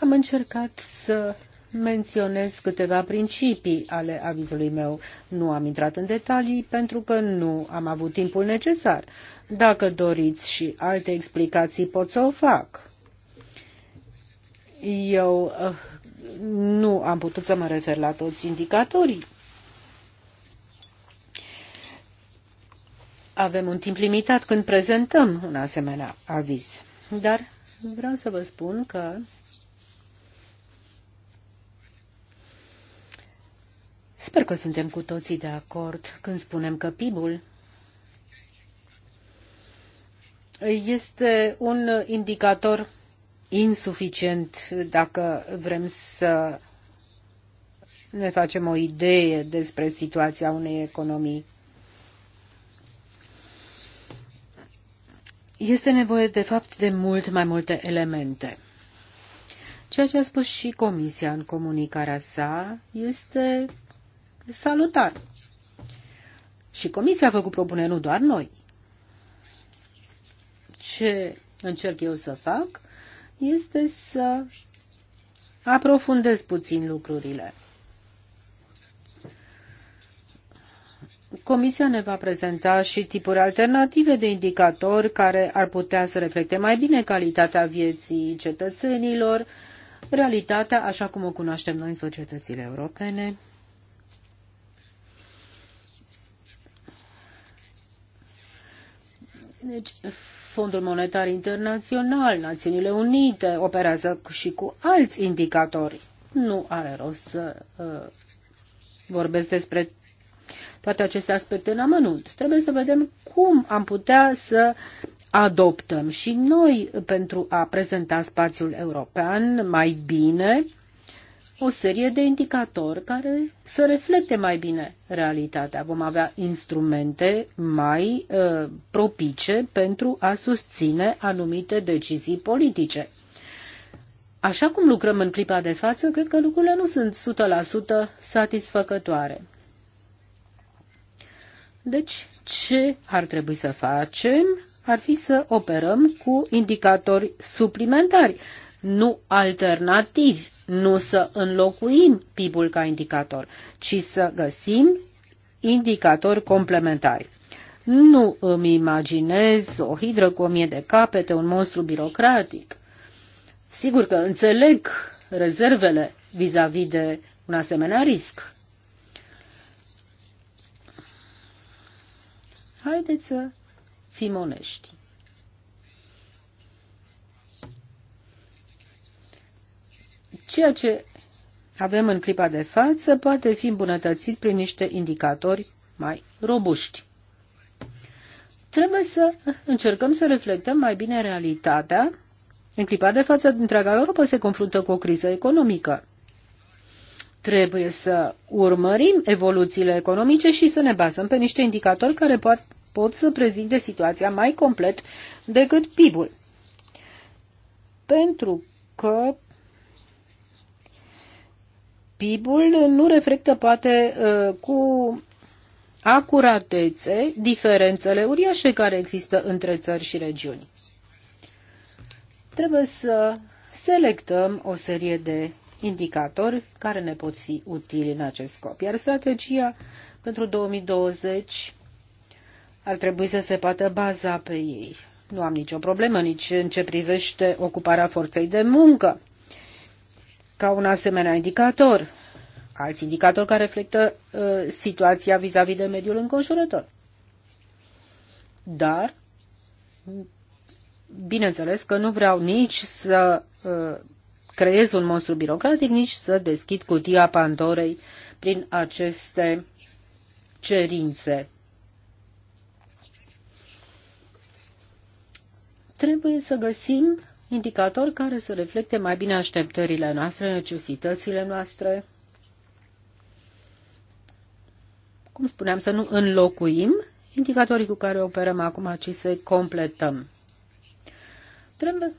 am încercat să menționez câteva principii ale avizului meu. Nu am intrat în detalii pentru că nu am avut timpul necesar. Dacă doriți și alte explicații, pot să o fac. Eu uh, nu am putut să mă refer la toți indicatorii. Avem un timp limitat când prezentăm un asemenea aviz. Dar vreau să vă spun că Sper că suntem cu toții de acord când spunem că PIB-ul este un indicator insuficient dacă vrem să ne facem o idee despre situația unei economii. Este nevoie, de fapt, de mult mai multe elemente. Ceea ce a spus și Comisia în comunicarea sa este salutar. Și Comisia a făcut propuneri, nu doar noi. Ce încerc eu să fac este să aprofundez puțin lucrurile. Comisia ne va prezenta și tipuri alternative de indicatori care ar putea să reflecte mai bine calitatea vieții cetățenilor, realitatea așa cum o cunoaștem noi în societățile europene. Deci, Fondul Monetar Internațional, Națiunile Unite operează și cu alți indicatori. Nu are rost să uh, vorbesc despre toate aceste aspecte în amănunt. Trebuie să vedem cum am putea să adoptăm și noi pentru a prezenta spațiul european mai bine o serie de indicatori care să reflecte mai bine realitatea. Vom avea instrumente mai uh, propice pentru a susține anumite decizii politice. Așa cum lucrăm în clipa de față, cred că lucrurile nu sunt 100% satisfăcătoare. Deci, ce ar trebui să facem? Ar fi să operăm cu indicatori suplimentari nu alternativi, nu să înlocuim PIB-ul ca indicator, ci să găsim indicatori complementari. Nu îmi imaginez o hidră cu o mie de capete, un monstru birocratic. Sigur că înțeleg rezervele vis-a-vis -vis de un asemenea risc. Haideți să fim onești. Ceea ce avem în clipa de față poate fi îmbunătățit prin niște indicatori mai robuști. Trebuie să încercăm să reflectăm mai bine realitatea. În clipa de față, întreaga Europa se confruntă cu o criză economică. Trebuie să urmărim evoluțiile economice și să ne bazăm pe niște indicatori care pot, pot să prezinte situația mai complet decât PIB-ul. Pentru că PIB-ul nu reflectă poate uh, cu acuratețe diferențele uriașe care există între țări și regiuni. Trebuie să selectăm o serie de indicatori care ne pot fi utili în acest scop. Iar strategia pentru 2020 ar trebui să se poată baza pe ei. Nu am nicio problemă nici în ce privește ocuparea forței de muncă ca un asemenea indicator, alți indicatori care reflectă uh, situația vis-a-vis -vis de mediul înconjurător. Dar, bineînțeles că nu vreau nici să uh, creez un monstru birocratic, nici să deschid cutia Pandorei prin aceste cerințe. Trebuie să găsim indicatori care să reflecte mai bine așteptările noastre, necesitățile noastre. Cum spuneam, să nu înlocuim indicatorii cu care operăm acum, ci să-i completăm. Trebuie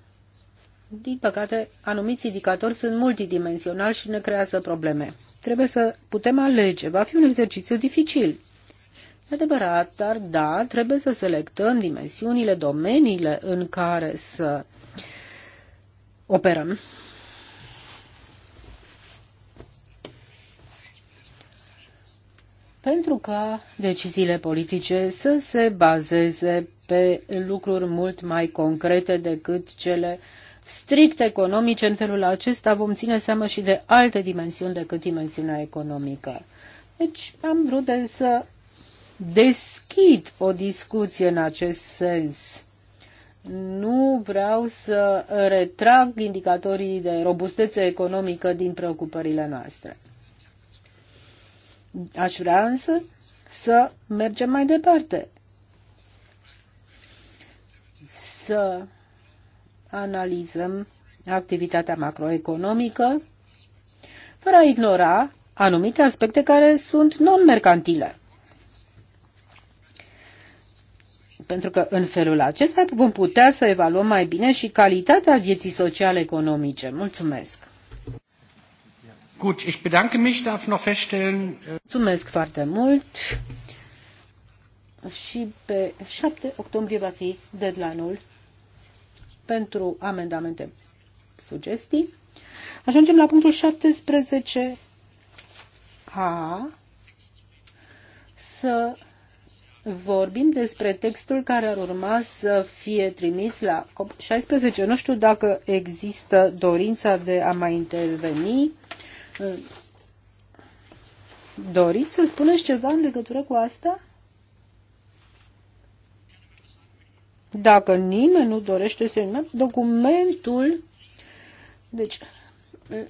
din păcate, anumiți indicatori sunt multidimensionali și ne creează probleme. Trebuie să putem alege. Va fi un exercițiu dificil. E adevărat, dar da, trebuie să selectăm dimensiunile, domeniile în care să operăm. Pentru ca deciziile politice să se bazeze pe lucruri mult mai concrete decât cele strict economice, în felul acesta vom ține seama și de alte dimensiuni decât dimensiunea economică. Deci am vrut de să deschid o discuție în acest sens nu vreau să retrag indicatorii de robustețe economică din preocupările noastre. Aș vrea însă să mergem mai departe. Să analizăm activitatea macroeconomică fără a ignora anumite aspecte care sunt non-mercantile. pentru că în felul acesta vom putea să evaluăm mai bine și calitatea vieții sociale economice. Mulțumesc! Gut, ich bedanke mich, darf noch feststellen... Äh, Mulțumesc foarte mult! Și pe 7 octombrie va fi deadline-ul pentru amendamente sugestii. Ajungem la punctul 17 a să vorbim despre textul care ar urma să fie trimis la COP16. Nu știu dacă există dorința de a mai interveni. Doriți să spuneți ceva în legătură cu asta? Dacă nimeni nu dorește să documentul deci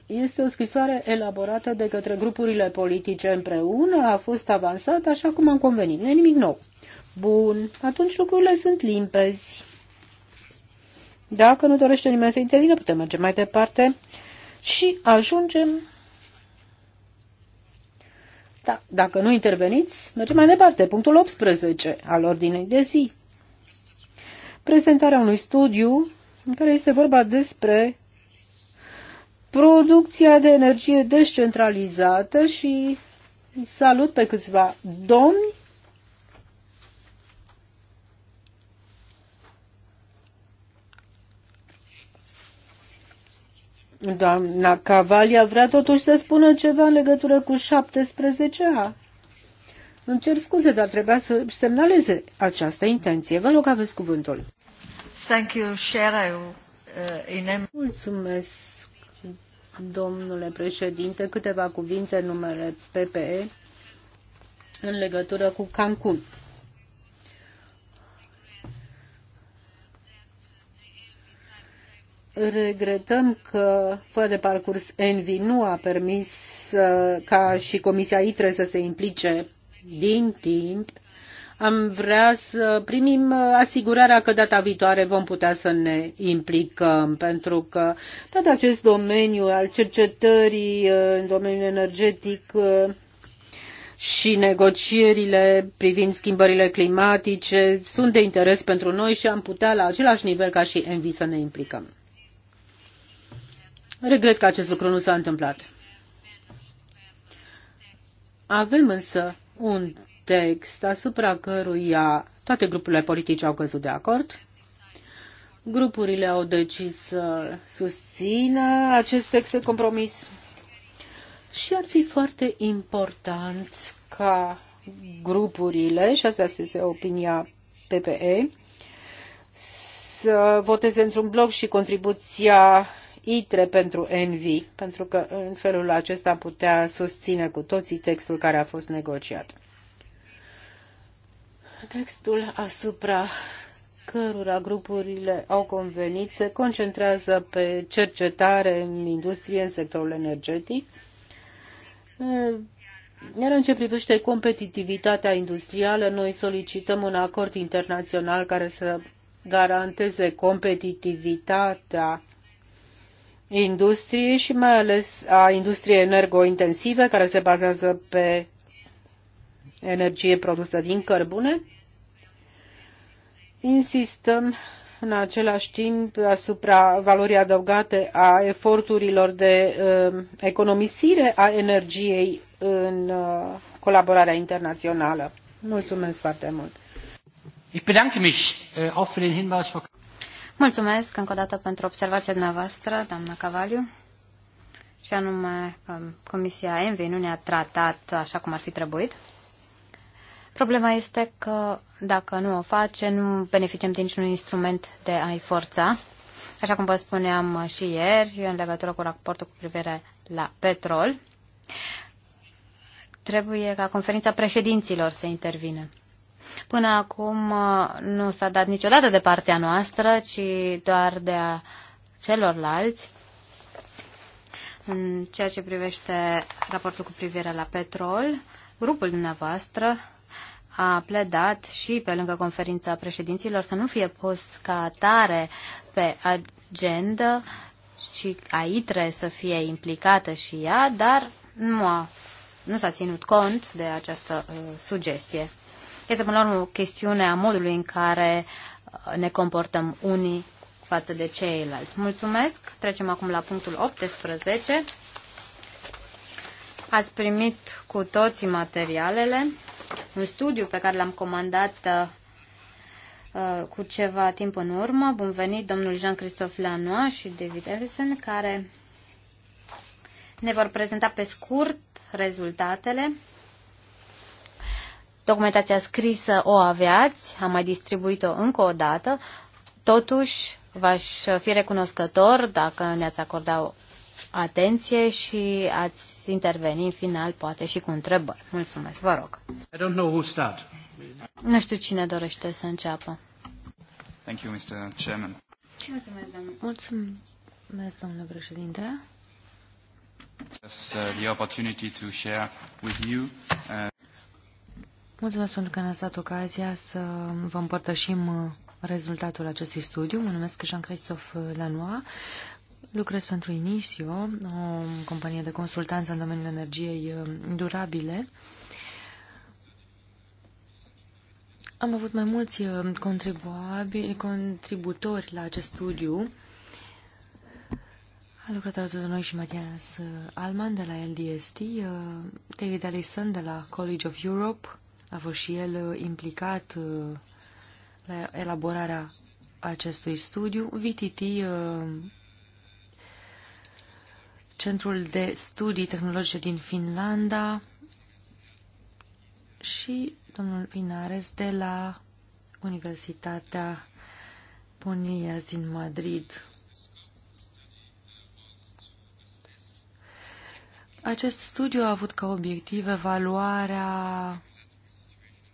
este o scrisoare elaborată de către grupurile politice împreună, a fost avansată așa cum am convenit. Nu e nimic nou. Bun, atunci lucrurile sunt limpezi. Dacă nu dorește nimeni să intervină, putem merge mai departe și ajungem... Da, dacă nu interveniți, mergem mai departe. Punctul 18 al ordinei de zi. Prezentarea unui studiu în care este vorba despre producția de energie descentralizată și salut pe câțiva domni Doamna Cavalia vrea totuși să spună ceva în legătură cu 17A. Îmi cer scuze, dar trebuia să semnaleze această intenție. Vă rog, aveți cuvântul. Thank you, uh, Mulțumesc, domnule președinte, câteva cuvinte numele PPE în legătură cu Cancun. Regretăm că, fără de parcurs, Envi nu a permis uh, ca și Comisia ITRE să se implice din timp am vrea să primim asigurarea că data viitoare vom putea să ne implicăm, pentru că tot acest domeniu al cercetării uh, în domeniul energetic uh, și negocierile privind schimbările climatice sunt de interes pentru noi și am putea la același nivel ca și Envi să ne implicăm. Regret că acest lucru nu s-a întâmplat. Avem însă un text asupra căruia toate grupurile politice au căzut de acord. Grupurile au decis să susțină acest text de compromis și ar fi foarte important ca grupurile, și asta este opinia PPE, să voteze într-un bloc și contribuția ITRE pentru ENVI, pentru că în felul acesta am putea susține cu toții textul care a fost negociat. Textul asupra cărora grupurile au convenit se concentrează pe cercetare în industrie, în sectorul energetic, eh, iar în ce privește competitivitatea industrială, noi solicităm un acord internațional care să garanteze competitivitatea industriei și mai ales a industriei energointensive, care se bazează pe energie produsă din cărbune. Insistăm în același timp asupra valorii adăugate a eforturilor de uh, economisire a energiei în uh, colaborarea internațională. Mulțumesc foarte mult! Ich bedanke mich uh, auch für den Hinweis Mulțumesc încă o dată pentru observația dumneavoastră, doamna Cavaliu, și anume um, Comisia ENVI nu ne-a tratat așa cum ar fi trebuit. Problema este că dacă nu o face, nu beneficiem de niciun instrument de a-i forța. Așa cum vă spuneam și ieri, în legătură cu raportul cu privire la petrol, trebuie ca conferința președinților să intervină. Până acum uh, nu s-a dat niciodată de partea noastră, ci doar de a celorlalți. În ceea ce privește raportul cu privire la petrol, grupul dumneavoastră a pledat și pe lângă conferința președinților să nu fie pus ca atare pe agenda și a ITRE să fie implicată și ea, dar nu, a, nu s-a ținut cont de această uh, sugestie. Este până la urmă o chestiune a modului în care uh, ne comportăm unii față de ceilalți. Mulțumesc! Trecem acum la punctul 18. Ați primit cu toții materialele un studiu pe care l-am comandat uh, cu ceva timp în urmă. Bun venit domnul Jean-Christophe Lanois și David Ellison, care ne vor prezenta pe scurt rezultatele. Documentația scrisă o aveați, am mai distribuit-o încă o dată. Totuși, v-aș fi recunoscător dacă ne-ați acordat atenție și ați interveni în final, poate și cu întrebări. Mulțumesc, vă rog. I don't know who start. Nu știu cine dorește să înceapă. Thank you, Mr. Chairman. Mulțumesc, domnule. președinte. Uh, uh, Mulțumesc pentru că ne-ați dat ocazia să vă împărtășim uh, rezultatul acestui studiu. Mă numesc Jean-Christophe Lanois, Lucrez pentru Inisio, o companie de consultanță în domeniul energiei um, durabile. Am avut mai mulți um, contributori la acest studiu. A lucrat alături de noi și Matias uh, Alman de la LDST, uh, David Allison de la College of Europe, a fost și el uh, implicat la elaborarea acestui studiu, VTT Centrul de Studii Tehnologice din Finlanda și domnul Pinares de la Universitatea Ponias din Madrid. Acest studiu a avut ca obiectiv evaluarea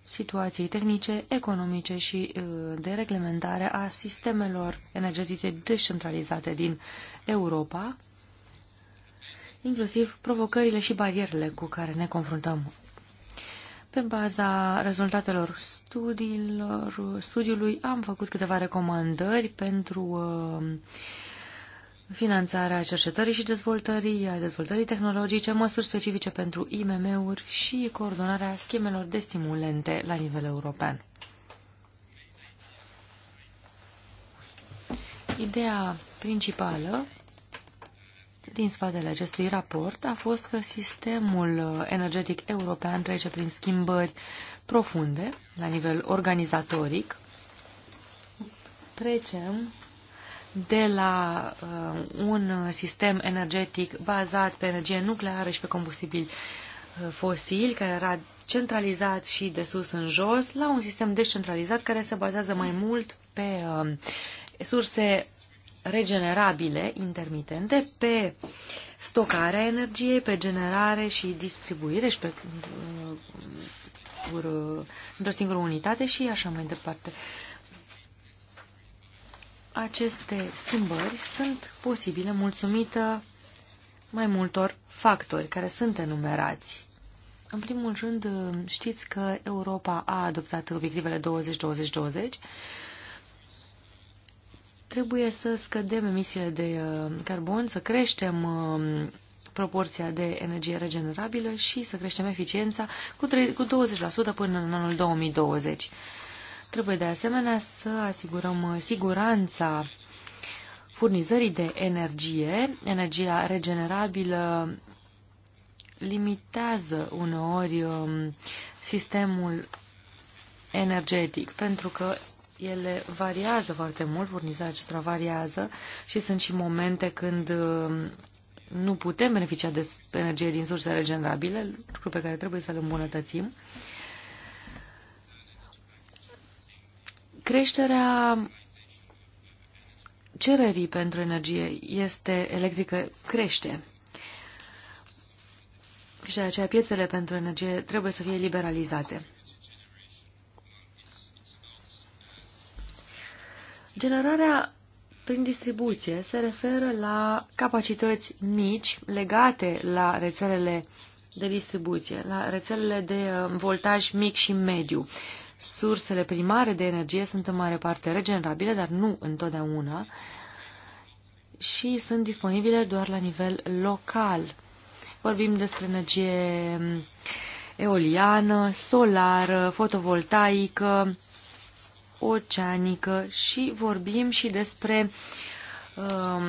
situației tehnice, economice și uh, de reglementare a sistemelor energetice descentralizate din Europa, inclusiv provocările și barierele cu care ne confruntăm. Pe baza rezultatelor studiilor, studiului am făcut câteva recomandări pentru uh, finanțarea cercetării și dezvoltării, a dezvoltării tehnologice, măsuri specifice pentru IMM-uri și coordonarea schemelor de stimulente la nivel european. Ideea principală din spatele acestui raport a fost că sistemul uh, energetic european trece prin schimbări profunde la nivel organizatoric. Trecem de la uh, un sistem energetic bazat pe energie nucleară și pe combustibili uh, fosili, care era centralizat și de sus în jos, la un sistem descentralizat care se bazează mai mult pe uh, surse regenerabile intermitente, pe stocarea energiei, pe generare și distribuire și pe mm, mm, într-o singură unitate și așa mai departe. Aceste schimbări sunt posibile mulțumită mai multor factori care sunt enumerați. În primul rând, știți că Europa a adoptat obiectivele 20-20-20 Trebuie să scădem emisiile de uh, carbon, să creștem um, proporția de energie regenerabilă și să creștem eficiența cu, 20% până în anul 2020. Trebuie de asemenea să asigurăm uh, siguranța furnizării de energie. Energia regenerabilă limitează uneori um, sistemul energetic, pentru că ele variază foarte mult, furnizarea acestora variază și sunt și momente când uh, nu putem beneficia de energie din surse regenerabile, lucru pe care trebuie să le îmbunătățim. Creșterea cererii pentru energie este electrică crește. Și de aceea piețele pentru energie trebuie să fie liberalizate. Generarea prin distribuție se referă la capacități mici legate la rețelele de distribuție, la rețelele de um, voltaj mic și mediu. Sursele primare de energie sunt în mare parte regenerabile, dar nu întotdeauna, și sunt disponibile doar la nivel local. Vorbim despre energie um, eoliană, solară, fotovoltaică, oceanică și vorbim și despre um,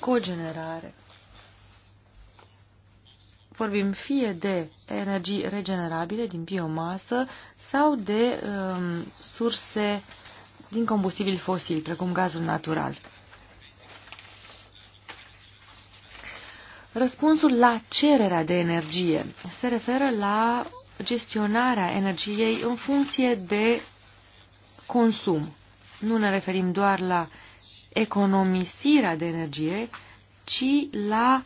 cogenerare. Vorbim fie de energii regenerabile din biomasă sau de um, surse din combustibili fosili, precum gazul natural. Răspunsul la cererea de energie se referă la gestionarea energiei în funcție de consum. Nu ne referim doar la economisirea de energie, ci la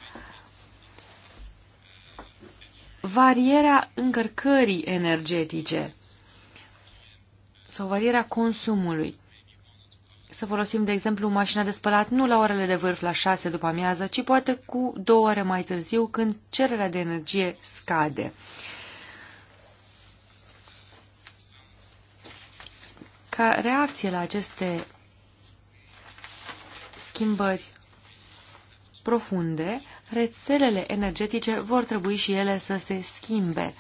varierea încărcării energetice sau varierea consumului. Să folosim, de exemplu, mașina de spălat nu la orele de vârf la 6 după amiază, ci poate cu două ore mai târziu când cererea de energie scade. Ca reacție la aceste schimbări profunde, rețelele energetice vor trebui și ele să se schimbe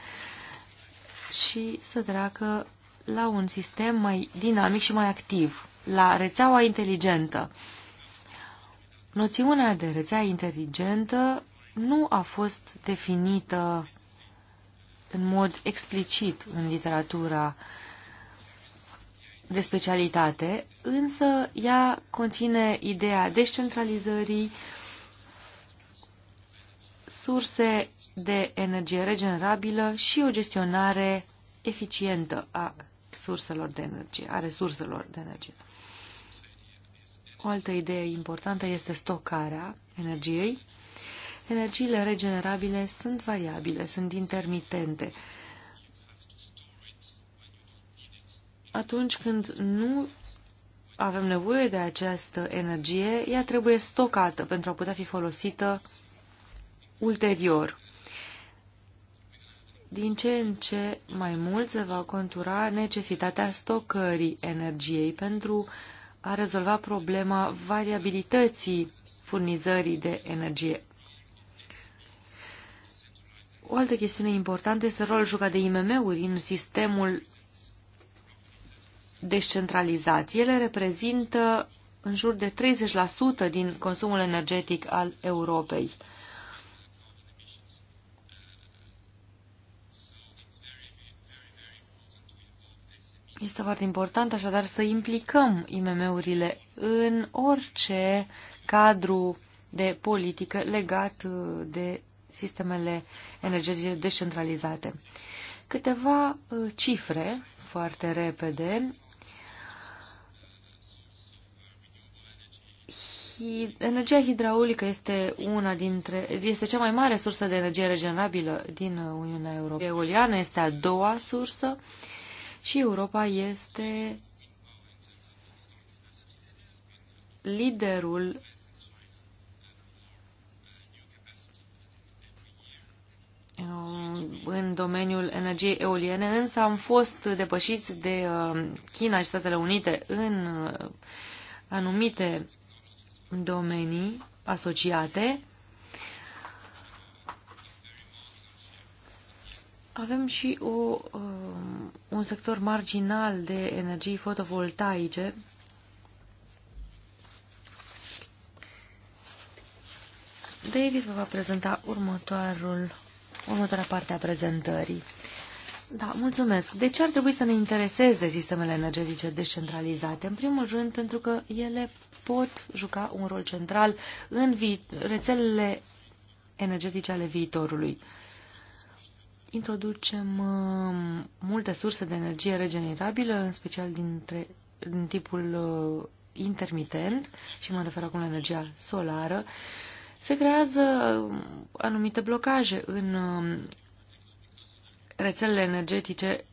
și să treacă la un sistem mai dinamic și mai activ, la rețeaua inteligentă. Noțiunea de rețea inteligentă nu a fost definită în mod explicit în literatura uh, de specialitate, însă ea conține ideea descentralizării, surse de energie regenerabilă și o gestionare eficientă a surselor de energie, a resurselor de energie. O altă idee importantă este stocarea energiei. Energiile regenerabile sunt variabile, sunt intermitente. atunci când nu avem nevoie de această energie, ea trebuie stocată pentru a putea fi folosită ulterior. Din ce în ce mai mult se va contura necesitatea stocării energiei pentru a rezolva problema variabilității furnizării de energie. O altă chestiune importantă este rolul jucat de IMM-uri în sistemul descentralizat. Ele reprezintă în jur de 30% din consumul energetic al Europei. Este foarte important așadar să implicăm IMM-urile în orice cadru de politică legat uh, de sistemele energetice descentralizate. Câteva uh, cifre foarte repede. energia hidraulică este una dintre, este cea mai mare sursă de energie regenerabilă din uh, Uniunea Europeană. Eoliană este a doua sursă și Europa este liderul în domeniul energiei eoliene, însă am fost depășiți de uh, China și Statele Unite în uh, anumite domenii asociate. Avem și o, um, un sector marginal de energii fotovoltaice. David vă va prezenta următoarul, următoarea parte a prezentării. Da, mulțumesc. De ce ar trebui să ne intereseze sistemele energetice descentralizate? În primul rând, pentru că ele pot juca un rol central în rețelele energetice ale viitorului. Introducem uh, multe surse de energie regenerabilă, în special dintre, din tipul uh, intermitent, și mă refer acum la energia solară. Se creează uh, anumite blocaje în um, rețelele energetice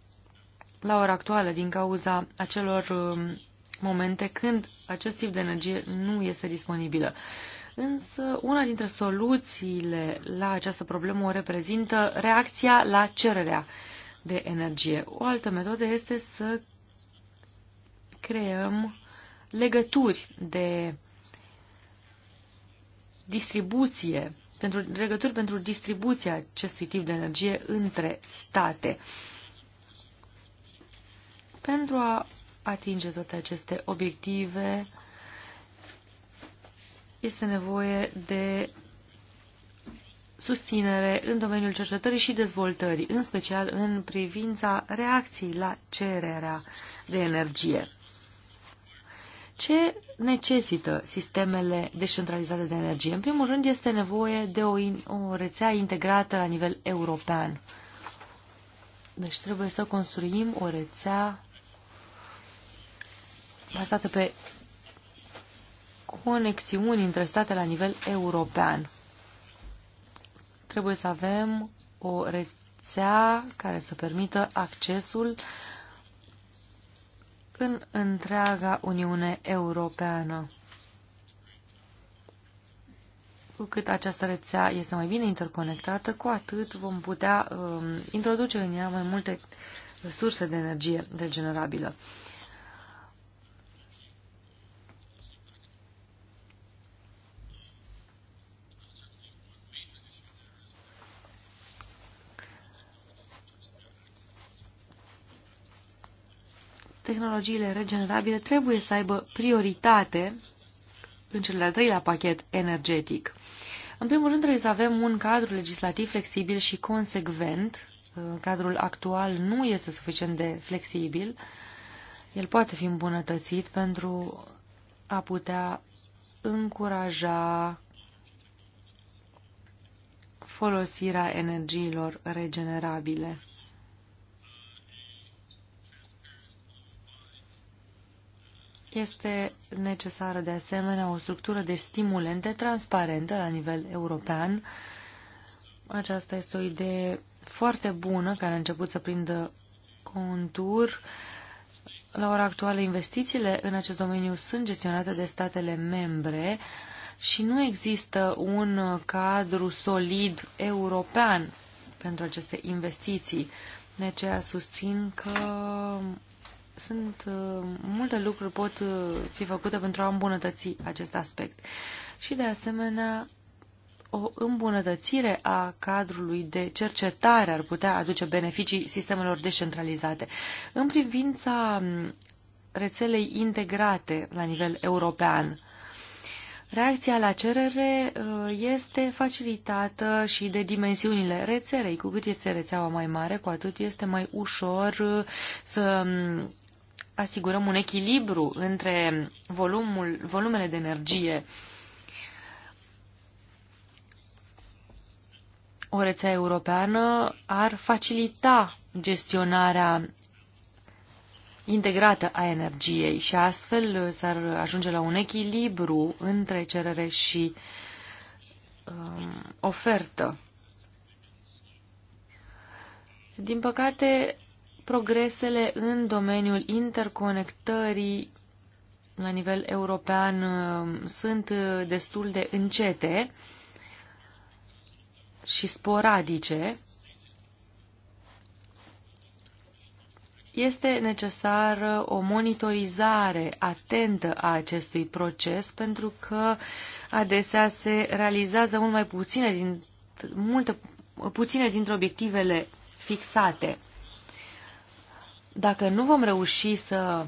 la ora actuală din cauza acelor um, momente când acest tip de energie nu este disponibilă. Însă, una dintre soluțiile la această problemă o reprezintă reacția la cererea de energie. O altă metodă este să creăm legături de distribuție pentru legături pentru distribuția acestui tip de energie între state. Pentru a atinge toate aceste obiective, este nevoie de susținere în domeniul cercetării și dezvoltării, în special în privința reacției la cererea de energie. Ce necesită sistemele descentralizate de energie. În primul rând, este nevoie de o, o rețea integrată la nivel european. Deci trebuie să construim o rețea bazată pe conexiuni între state la nivel european. Trebuie să avem o rețea care să permită accesul uh, în întreaga Uniune Europeană. Cu cât această rețea este mai bine interconectată, cu atât vom putea uh, introduce în ea mai multe surse de energie regenerabilă. Uh, tehnologiile regenerabile trebuie să aibă prioritate în cel de-al treilea pachet energetic. În primul rând, trebuie să avem un cadru legislativ flexibil și consecvent. Uh, cadrul actual nu este suficient de flexibil. El poate fi îmbunătățit pentru a putea încuraja folosirea energiilor regenerabile. Este necesară de asemenea o structură de stimulente transparentă la nivel european. Aceasta este o idee foarte bună care a început să prindă contur. La ora actuală, investițiile în acest domeniu sunt gestionate de statele membre și nu există un cadru solid european pentru aceste investiții. De deci, aceea susțin că sunt uh, multe lucruri pot uh, fi făcute pentru a îmbunătăți acest aspect. Și de asemenea, o îmbunătățire a cadrului de cercetare ar putea aduce beneficii sistemelor descentralizate. În privința um, rețelei integrate la nivel european, Reacția la cerere uh, este facilitată și de dimensiunile rețelei. Cu cât este rețeaua mai mare, cu atât este mai ușor să um, asigurăm un echilibru între volumul, volumele de energie. O rețea europeană ar facilita gestionarea integrată a energiei și astfel s-ar ajunge la un echilibru între cerere și um, ofertă. Din păcate, progresele în domeniul interconectării la nivel european um, sunt uh, destul de încete și sporadice, este necesară o monitorizare atentă a acestui proces, pentru că adesea se realizează mult mai puține, din, multe, puține dintre obiectivele fixate. Dacă nu vom reuși să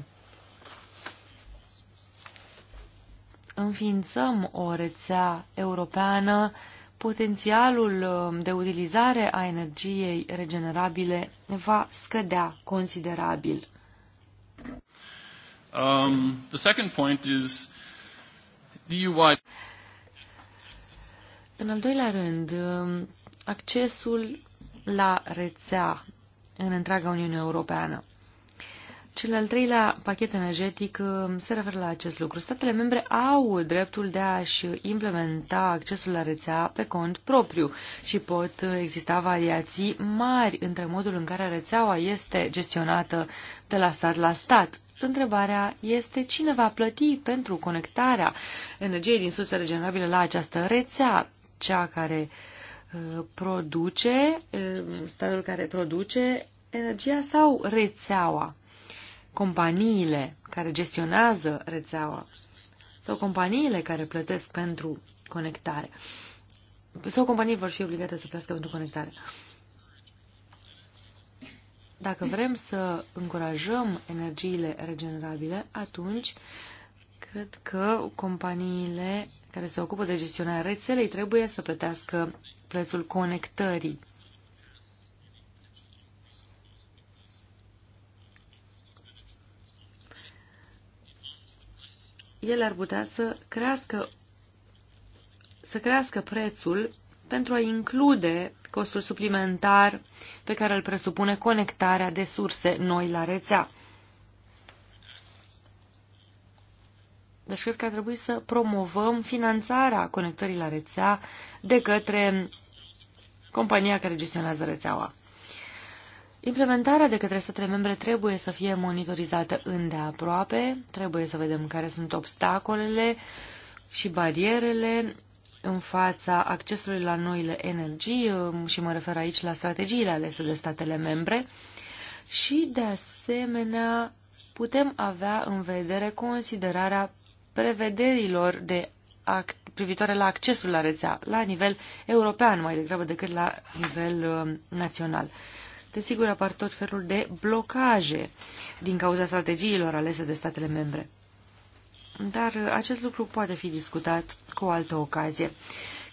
înființăm o rețea europeană, potențialul um, de utilizare a energiei regenerabile va scădea considerabil. Um, the second point is UI. În al doilea rând, um, accesul la rețea în întreaga Uniune Europeană. Cel al treilea pachet energetic um, se referă la acest lucru. Statele membre au dreptul de a-și implementa accesul la rețea pe cont propriu și pot exista variații mari între modul în care rețeaua este gestionată de la stat la stat. Întrebarea este cine va plăti pentru conectarea energiei din surse regenerabile la această rețea, cea care uh, produce, um, statul care produce energia sau rețeaua companiile care gestionează rețeaua sau companiile care plătesc pentru conectare sau companii vor fi obligate să plătească pentru conectare. Dacă vrem să încurajăm energiile regenerabile, atunci cred că companiile care se ocupă de gestionarea rețelei trebuie să plătească prețul conectării el ar putea să crească, să crească prețul pentru a include costul suplimentar pe care îl presupune conectarea de surse noi la rețea. Deci cred că ar trebui să promovăm finanțarea conectării la rețea de către compania care gestionează rețeaua. Implementarea de către statele membre trebuie să fie monitorizată îndeaproape, trebuie să vedem care sunt obstacolele și barierele în fața accesului la noile energii um, și mă refer aici la strategiile alese de statele membre și de asemenea putem avea în vedere considerarea prevederilor de act, privitoare la accesul la rețea la nivel european mai degrabă decât la nivel uh, național. Desigur, apar tot felul de blocaje din cauza strategiilor alese de statele membre. Dar acest lucru poate fi discutat cu o altă ocazie.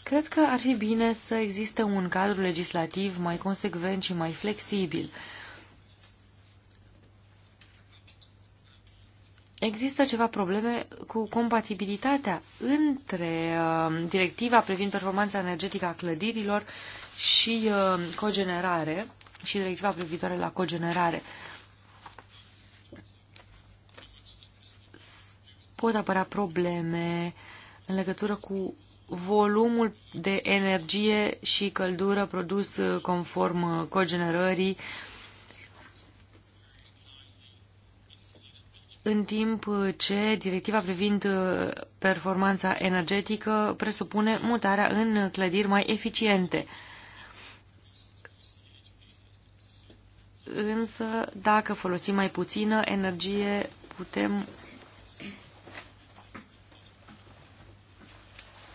Cred că ar fi bine să existe un cadru legislativ mai consecvent și mai flexibil. Există ceva probleme cu compatibilitatea între uh, directiva privind performanța energetică a clădirilor și uh, cogenerare și directiva privitoare la cogenerare. Pot apărea probleme în legătură cu volumul de energie și căldură produs conform cogenerării în timp ce directiva privind performanța energetică presupune mutarea în clădiri mai eficiente. însă dacă folosim mai puțină energie, putem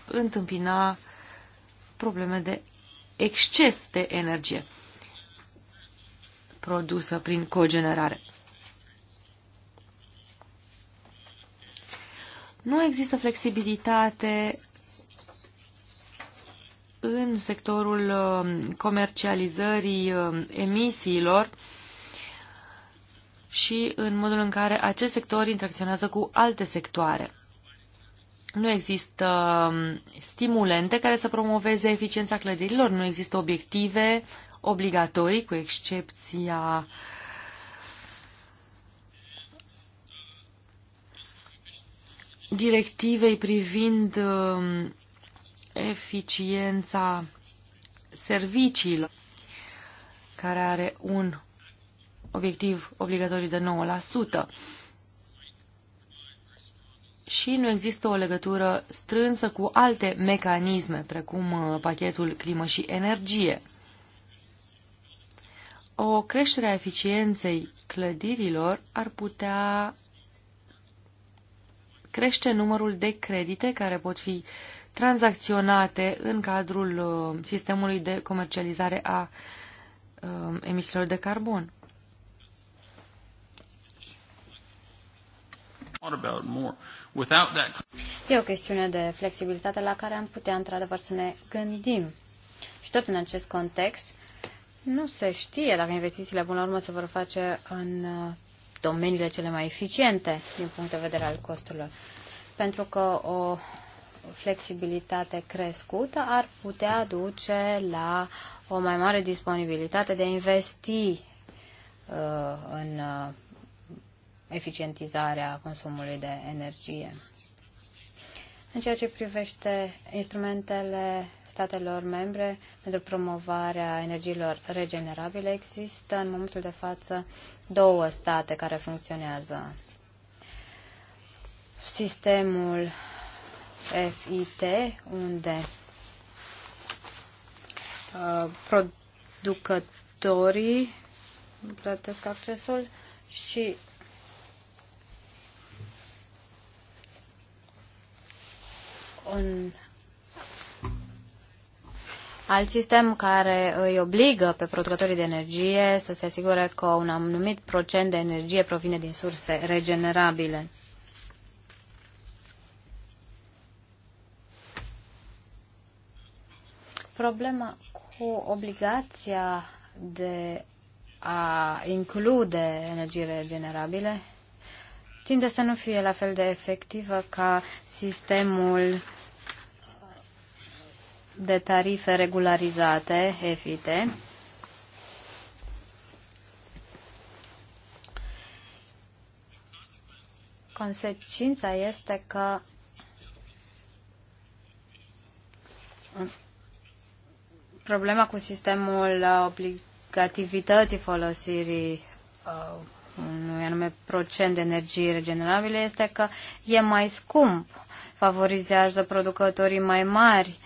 întâmpina probleme de exces de energie produsă prin cogenerare. Nu există flexibilitate în sectorul um, comercializării um, emisiilor și în modul în care acest sector interacționează cu alte sectoare. Nu există um, stimulente care să promoveze eficiența clădirilor, nu există obiective obligatorii, cu excepția directivei privind eficiența serviciilor, care are un obiectiv obligatoriu de 9%. Și nu există o legătură strânsă cu alte mecanisme, precum uh, pachetul climă și energie. O creștere a eficienței clădirilor ar putea crește numărul de credite care pot fi tranzacționate în cadrul uh, sistemului de comercializare a um, emisiilor de carbon. E o chestiune de flexibilitate la care am putea într-adevăr să ne gândim. Și tot în acest context, nu se știe dacă investițiile până la urmă se vor face în uh, domeniile cele mai eficiente din punct de vedere al costurilor. Pentru că o flexibilitate crescută ar putea duce la o mai mare disponibilitate de a investi uh, în uh, eficientizarea consumului de energie. În ceea ce privește instrumentele statelor membre pentru promovarea energiilor regenerabile, există în momentul de față două state care funcționează. Sistemul FIT, unde uh, producătorii plătesc accesul și un alt sistem care îi obligă pe producătorii de energie să se asigure că un anumit procent de energie provine din surse regenerabile. Problema cu obligația de a include energie regenerabile tinde să nu fie la fel de efectivă ca sistemul de tarife regularizate, EFITE, Consecința este că problema cu sistemul uh, obligativității folosirii uh, unui anume procent de energie regenerabile este că e mai scump, favorizează producătorii mai mari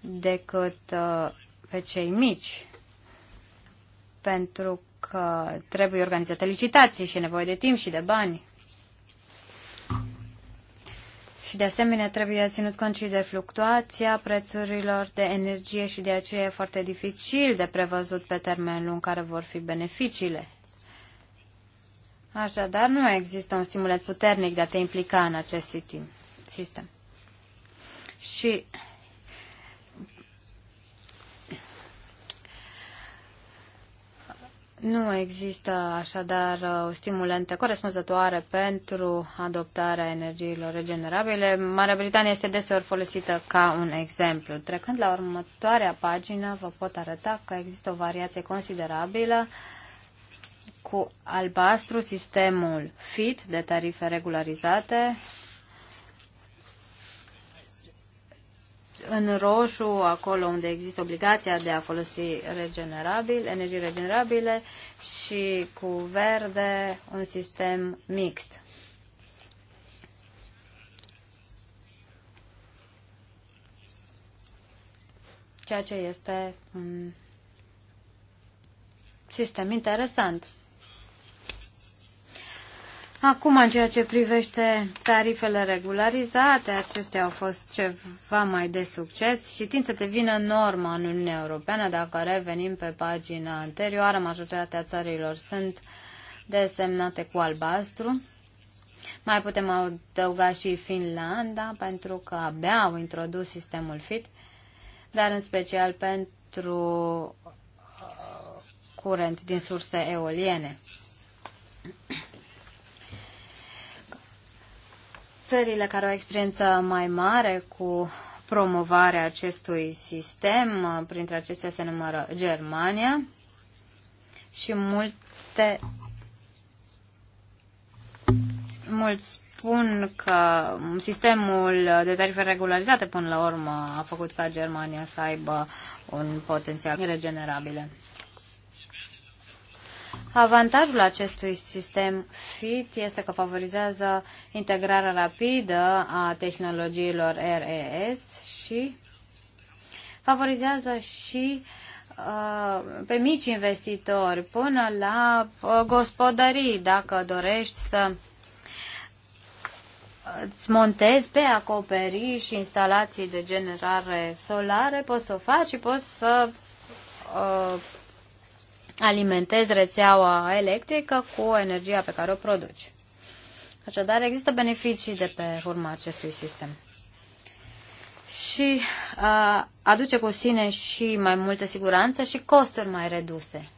decât uh, pe cei mici, pentru că trebuie organizate licitații și e nevoie de timp și de bani. Și de asemenea trebuie ținut cont și de fluctuația prețurilor de energie și de aceea e foarte dificil de prevăzut pe termen lung care vor fi beneficiile. Așadar, nu există un stimulant puternic de a te implica în acest sistem. Și Nu există așadar uh, o stimulente corespunzătoare pentru adoptarea energiilor regenerabile. Marea Britanie este deseori folosită ca un exemplu. Trecând la următoarea pagină, vă pot arăta că există o variație considerabilă cu albastru sistemul FIT de tarife regularizate în roșu, acolo unde există obligația de a folosi regenerabil, energii regenerabile și cu verde un sistem mixt. Ceea ce este un sistem interesant. Acum, în ceea ce privește tarifele regularizate, acestea au fost ceva mai de succes și tind să devină normă în Uniunea Europeană. Dacă revenim pe pagina anterioară, majoritatea țărilor sunt desemnate cu albastru. Mai putem adăuga și Finlanda, pentru că abia au introdus sistemul FIT, dar în special pentru uh, curent din surse eoliene. Țările care au experiență mai mare cu promovarea acestui sistem, printre acestea se numără Germania și multe mulți spun că sistemul de tarife regularizate până la urmă a făcut ca Germania să aibă un potențial regenerabile. Avantajul acestui sistem FIT este că favorizează integrarea rapidă a tehnologiilor RES și favorizează și uh, pe mici investitori până la uh, gospodării, dacă dorești să îți montezi pe acoperiș instalații de generare solare, poți să o faci și poți să uh, alimentezi rețeaua electrică cu energia pe care o produci. Așadar, există beneficii de pe urma acestui sistem. Și a, aduce cu sine și mai multă siguranță și costuri mai reduse.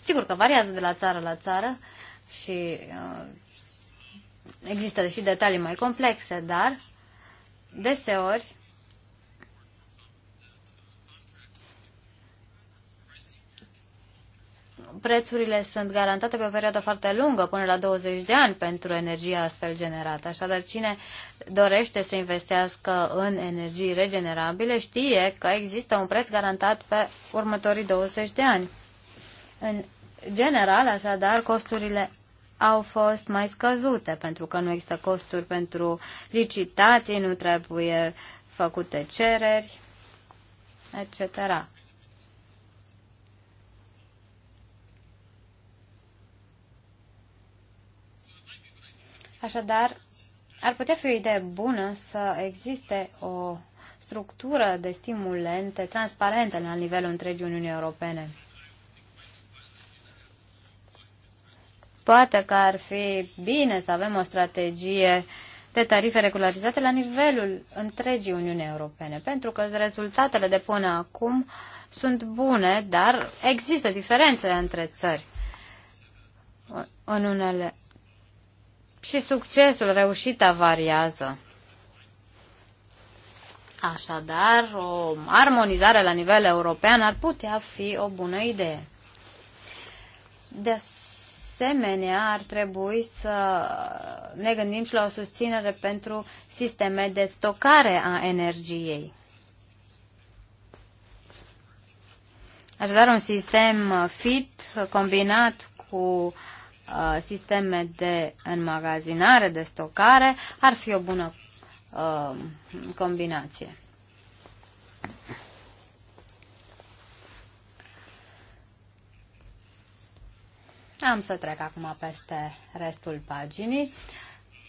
Sigur că variază de la țară la țară și a, există și detalii mai complexe, dar deseori prețurile sunt garantate pe o perioadă foarte lungă, până la 20 de ani pentru energia astfel generată. Așadar, cine dorește să investească în energii regenerabile știe că există un preț garantat pe următorii 20 de ani. În general, așadar, costurile au fost mai scăzute pentru că nu există costuri pentru licitații, nu trebuie făcute cereri, etc. Așadar, ar putea fi o idee bună să existe o structură de stimulente transparente la nivelul întregii Uniunii Europene. Poate că ar fi bine să avem o strategie de tarife regularizate la nivelul întregii Uniuni Europene, pentru că rezultatele de până acum sunt bune, dar există diferențe între țări. În unele și succesul, reușita variază. Așadar, o armonizare la nivel european ar putea fi o bună idee. De asemenea, ar trebui să ne gândim și la o susținere pentru sisteme de stocare a energiei. Așadar, un sistem fit combinat cu uh, Uh, sisteme de înmagazinare, de stocare, ar fi o bună uh, combinație. Am să trec acum peste restul paginii.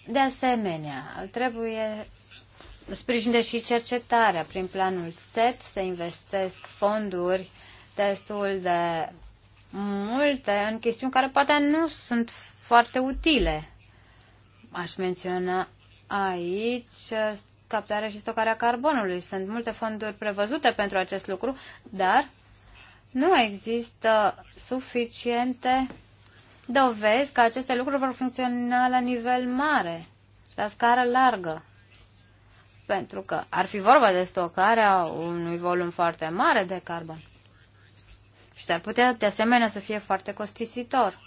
De asemenea, trebuie sprijinde și cercetarea. Prin planul SET se investesc fonduri destul de multe în chestiuni care poate nu sunt foarte utile. Aș menționa aici captarea și stocarea carbonului. Sunt multe fonduri prevăzute pentru acest lucru, dar nu există suficiente dovezi că aceste lucruri vor funcționa la nivel mare, la scară largă. Pentru că ar fi vorba de stocarea unui volum foarte mare de carbon și s-ar putea de asemenea să fie foarte costisitor.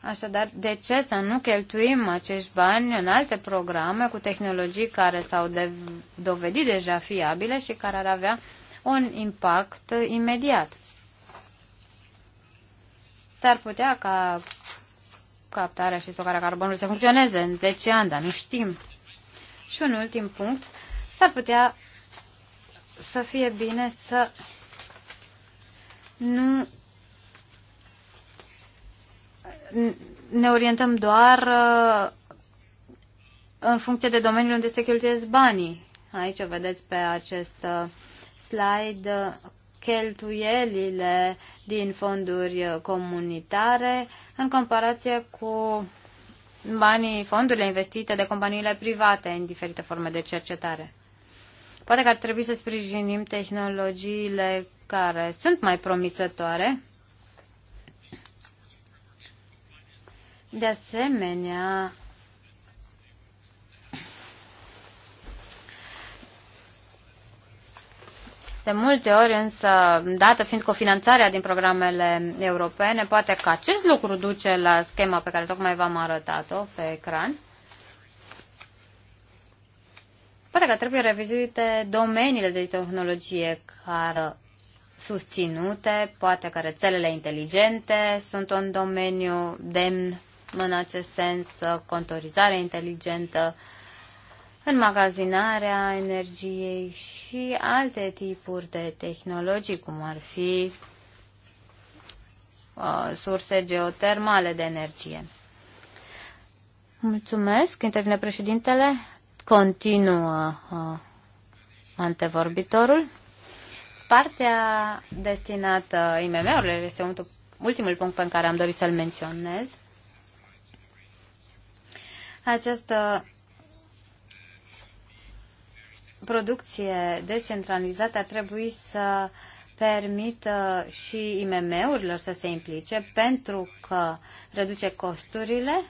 Așadar, de ce să nu cheltuim acești bani în alte programe cu tehnologii care s-au de- dovedit deja fiabile și care ar avea un impact imediat? S-ar putea ca captarea și stocarea carbonului să funcționeze în 10 ani, dar nu știm. Și un ultim punct, s-ar putea să fie bine să nu ne orientăm doar uh, în funcție de domeniul unde se cheltuiesc banii. Aici vedeți pe acest uh, slide uh, cheltuielile din fonduri comunitare în comparație cu banii, fondurile investite de companiile private în diferite forme de cercetare. Poate că ar trebui să sprijinim tehnologiile care sunt mai promițătoare. De asemenea, De multe ori însă, dată fiind cofinanțarea din programele europene, poate că acest lucru duce la schema pe care tocmai v-am arătat-o pe ecran. Poate că trebuie revizuite domeniile de tehnologie care susținute, poate că rețelele inteligente sunt un domeniu demn în acest sens, contorizarea inteligentă, înmagazinarea energiei și alte tipuri de tehnologii, cum ar fi uh, surse geotermale de energie. Mulțumesc, intervine președintele. Continuă uh, antevorbitorul. Partea destinată IMM-urilor este ultimul punct pe care am dorit să-l menționez. Această producție decentralizată ar trebui să permită și IMM-urilor să se implice pentru că reduce costurile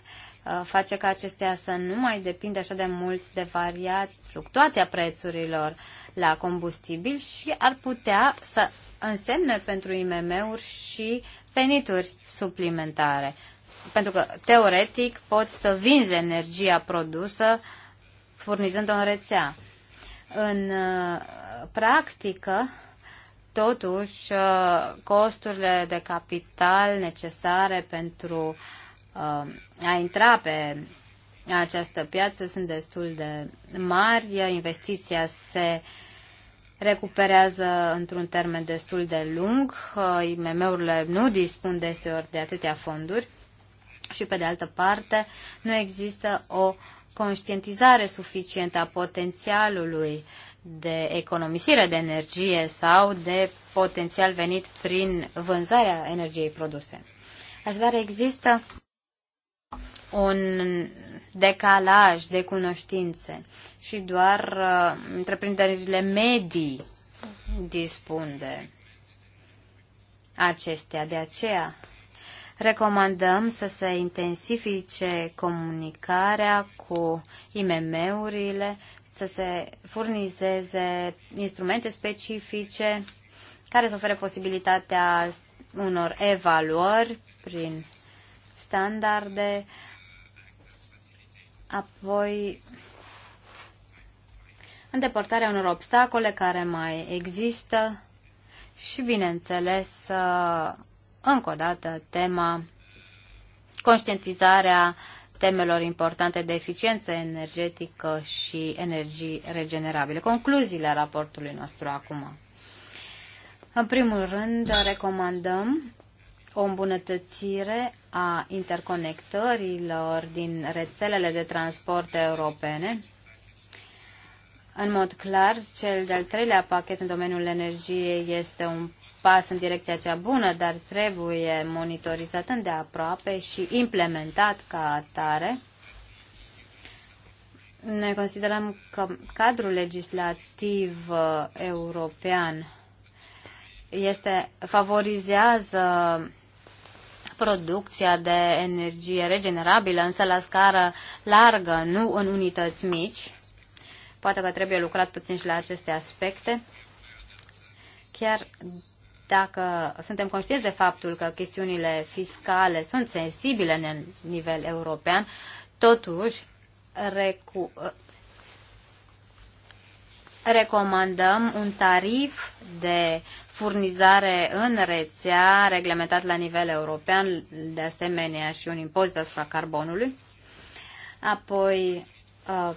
Uh, face ca acestea să nu mai depindă așa de mult de variați fluctuația prețurilor la combustibil și ar putea să însemne pentru IMM-uri și venituri suplimentare. Pentru că, teoretic, poți să vinzi energia produsă furnizând-o în rețea. În uh, practică, totuși, uh, costurile de capital necesare pentru uh, Uh, a intra pe această piață sunt destul de mari, investiția se recuperează într-un termen destul de lung, uh, IMM-urile nu dispun deseori de atâtea fonduri și pe de altă parte nu există o conștientizare suficientă a potențialului de economisire de energie sau de potențial venit prin vânzarea energiei produse. Așadar, există un decalaj de cunoștințe și doar uh, întreprinderile medii dispun de acestea. De aceea recomandăm să se intensifice comunicarea cu IMM-urile, să se furnizeze instrumente specifice care să ofere posibilitatea unor evaluări prin standarde, Apoi, îndepărtarea unor obstacole care mai există și, bineînțeles, uh, încă o dată, tema conștientizarea temelor importante de eficiență energetică și energii regenerabile. Concluziile raportului nostru acum. În primul rând, recomandăm o îmbunătățire a interconectărilor din rețelele de transport europene. În mod clar, cel de-al treilea pachet în domeniul energiei este un pas în direcția cea bună, dar trebuie monitorizat îndeaproape și implementat ca atare. Noi considerăm că cadrul legislativ uh, european este favorizează producția de energie regenerabilă, însă la scară largă, nu în unități mici. Poate că trebuie lucrat puțin și la aceste aspecte. Chiar dacă suntem conștienți de faptul că chestiunile fiscale sunt sensibile în nivel european, totuși recomandăm un tarif de furnizare în rețea reglementat la nivel european, de asemenea și un impozit asupra carbonului. Apoi uh,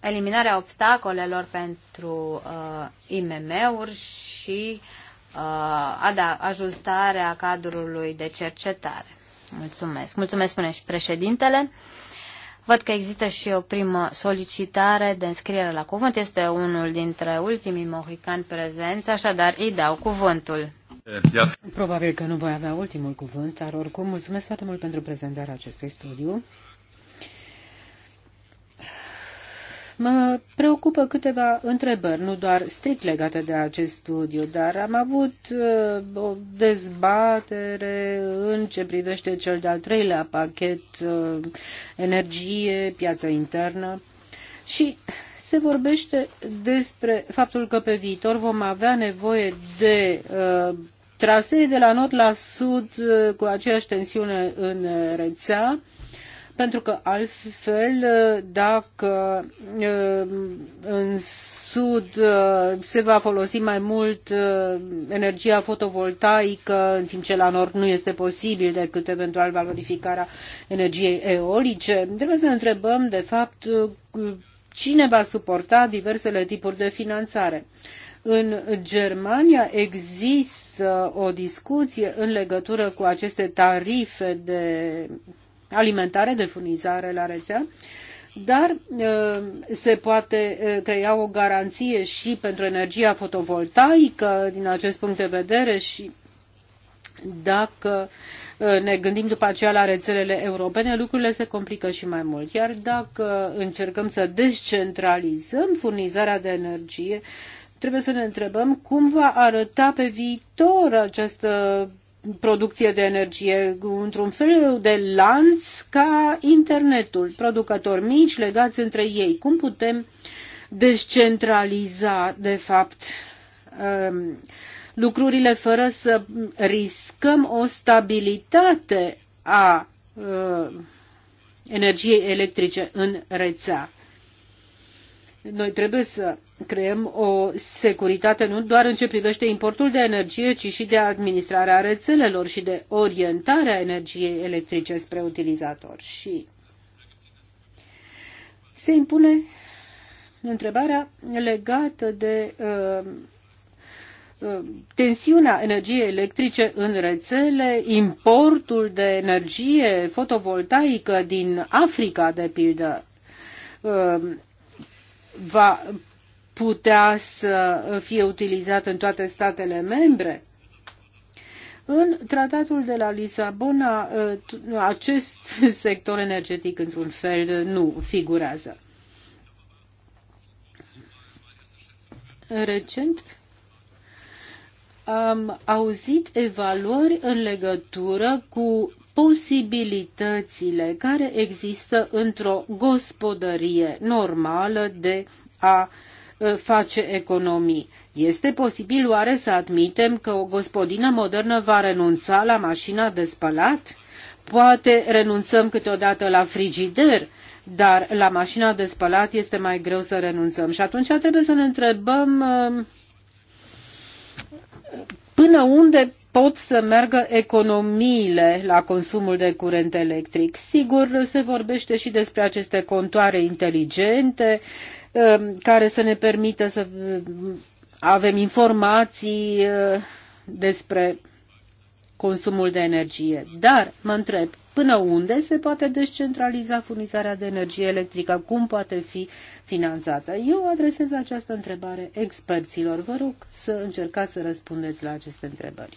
eliminarea obstacolelor pentru uh, IMM-uri și uh, da, ajustarea cadrului de cercetare. Mulțumesc. Mulțumesc, spune și președintele. Văd că există și o primă solicitare de înscriere la cuvânt. Este unul dintre ultimii mohicani prezenți, așadar îi dau cuvântul. Probabil că nu voi avea ultimul cuvânt, dar oricum mulțumesc foarte mult pentru prezentarea acestui studiu. Mă preocupă câteva întrebări, nu doar strict legate de acest studiu, dar am avut uh, o dezbatere în ce privește cel de-al treilea pachet uh, energie, piața internă și se vorbește despre faptul că pe viitor vom avea nevoie de uh, trasee de la nord la sud uh, cu aceeași tensiune în rețea pentru că altfel dacă în sud se va folosi mai mult energia fotovoltaică, în timp ce la nord nu este posibil decât eventual valorificarea energiei eolice, trebuie să ne întrebăm de fapt cine va suporta diversele tipuri de finanțare. În Germania există o discuție în legătură cu aceste tarife de alimentare, de furnizare la rețea, dar uh, se poate uh, crea o garanție și pentru energia fotovoltaică din acest punct de vedere și dacă uh, ne gândim după aceea la rețelele europene, lucrurile se complică și mai mult. Iar dacă încercăm să descentralizăm furnizarea de energie, trebuie să ne întrebăm cum va arăta pe viitor această producție de energie, într-un fel de lanț ca internetul, producători mici legați între ei. Cum putem descentraliza, de fapt, um, lucrurile fără să riscăm o stabilitate a uh, energiei electrice în rețea? Noi trebuie să creăm o securitate nu doar în ce privește importul de energie, ci și de administrarea rețelelor și de orientarea energiei electrice spre utilizator. Și se impune întrebarea legată de uh, uh, tensiunea energiei electrice în rețele, importul de energie fotovoltaică din Africa, de pildă, uh, va putea să fie utilizat în toate statele membre? În tratatul de la Lisabona, ă, acest *laughs* sector energetic, într-un fel, nu figurează. Recent am auzit evaluări în legătură cu posibilitățile care există într-o gospodărie normală de a uh, Uh, face economii. Este posibil oare să admitem că o gospodină modernă va renunța la mașina de spălat? Poate renunțăm câteodată la frigider, dar la mașina de spălat este mai greu să renunțăm. Și atunci trebuie să ne întrebăm um, până unde pot să meargă economiile la consumul de curent electric. Sigur, se vorbește și despre aceste contoare inteligente, Um, care să ne permită să um, avem informații uh, despre consumul de energie. Dar mă întreb, până unde se poate descentraliza furnizarea de energie electrică? Cum poate fi finanțată? Eu adresez această întrebare experților. Vă rog să încercați să răspundeți la aceste întrebări.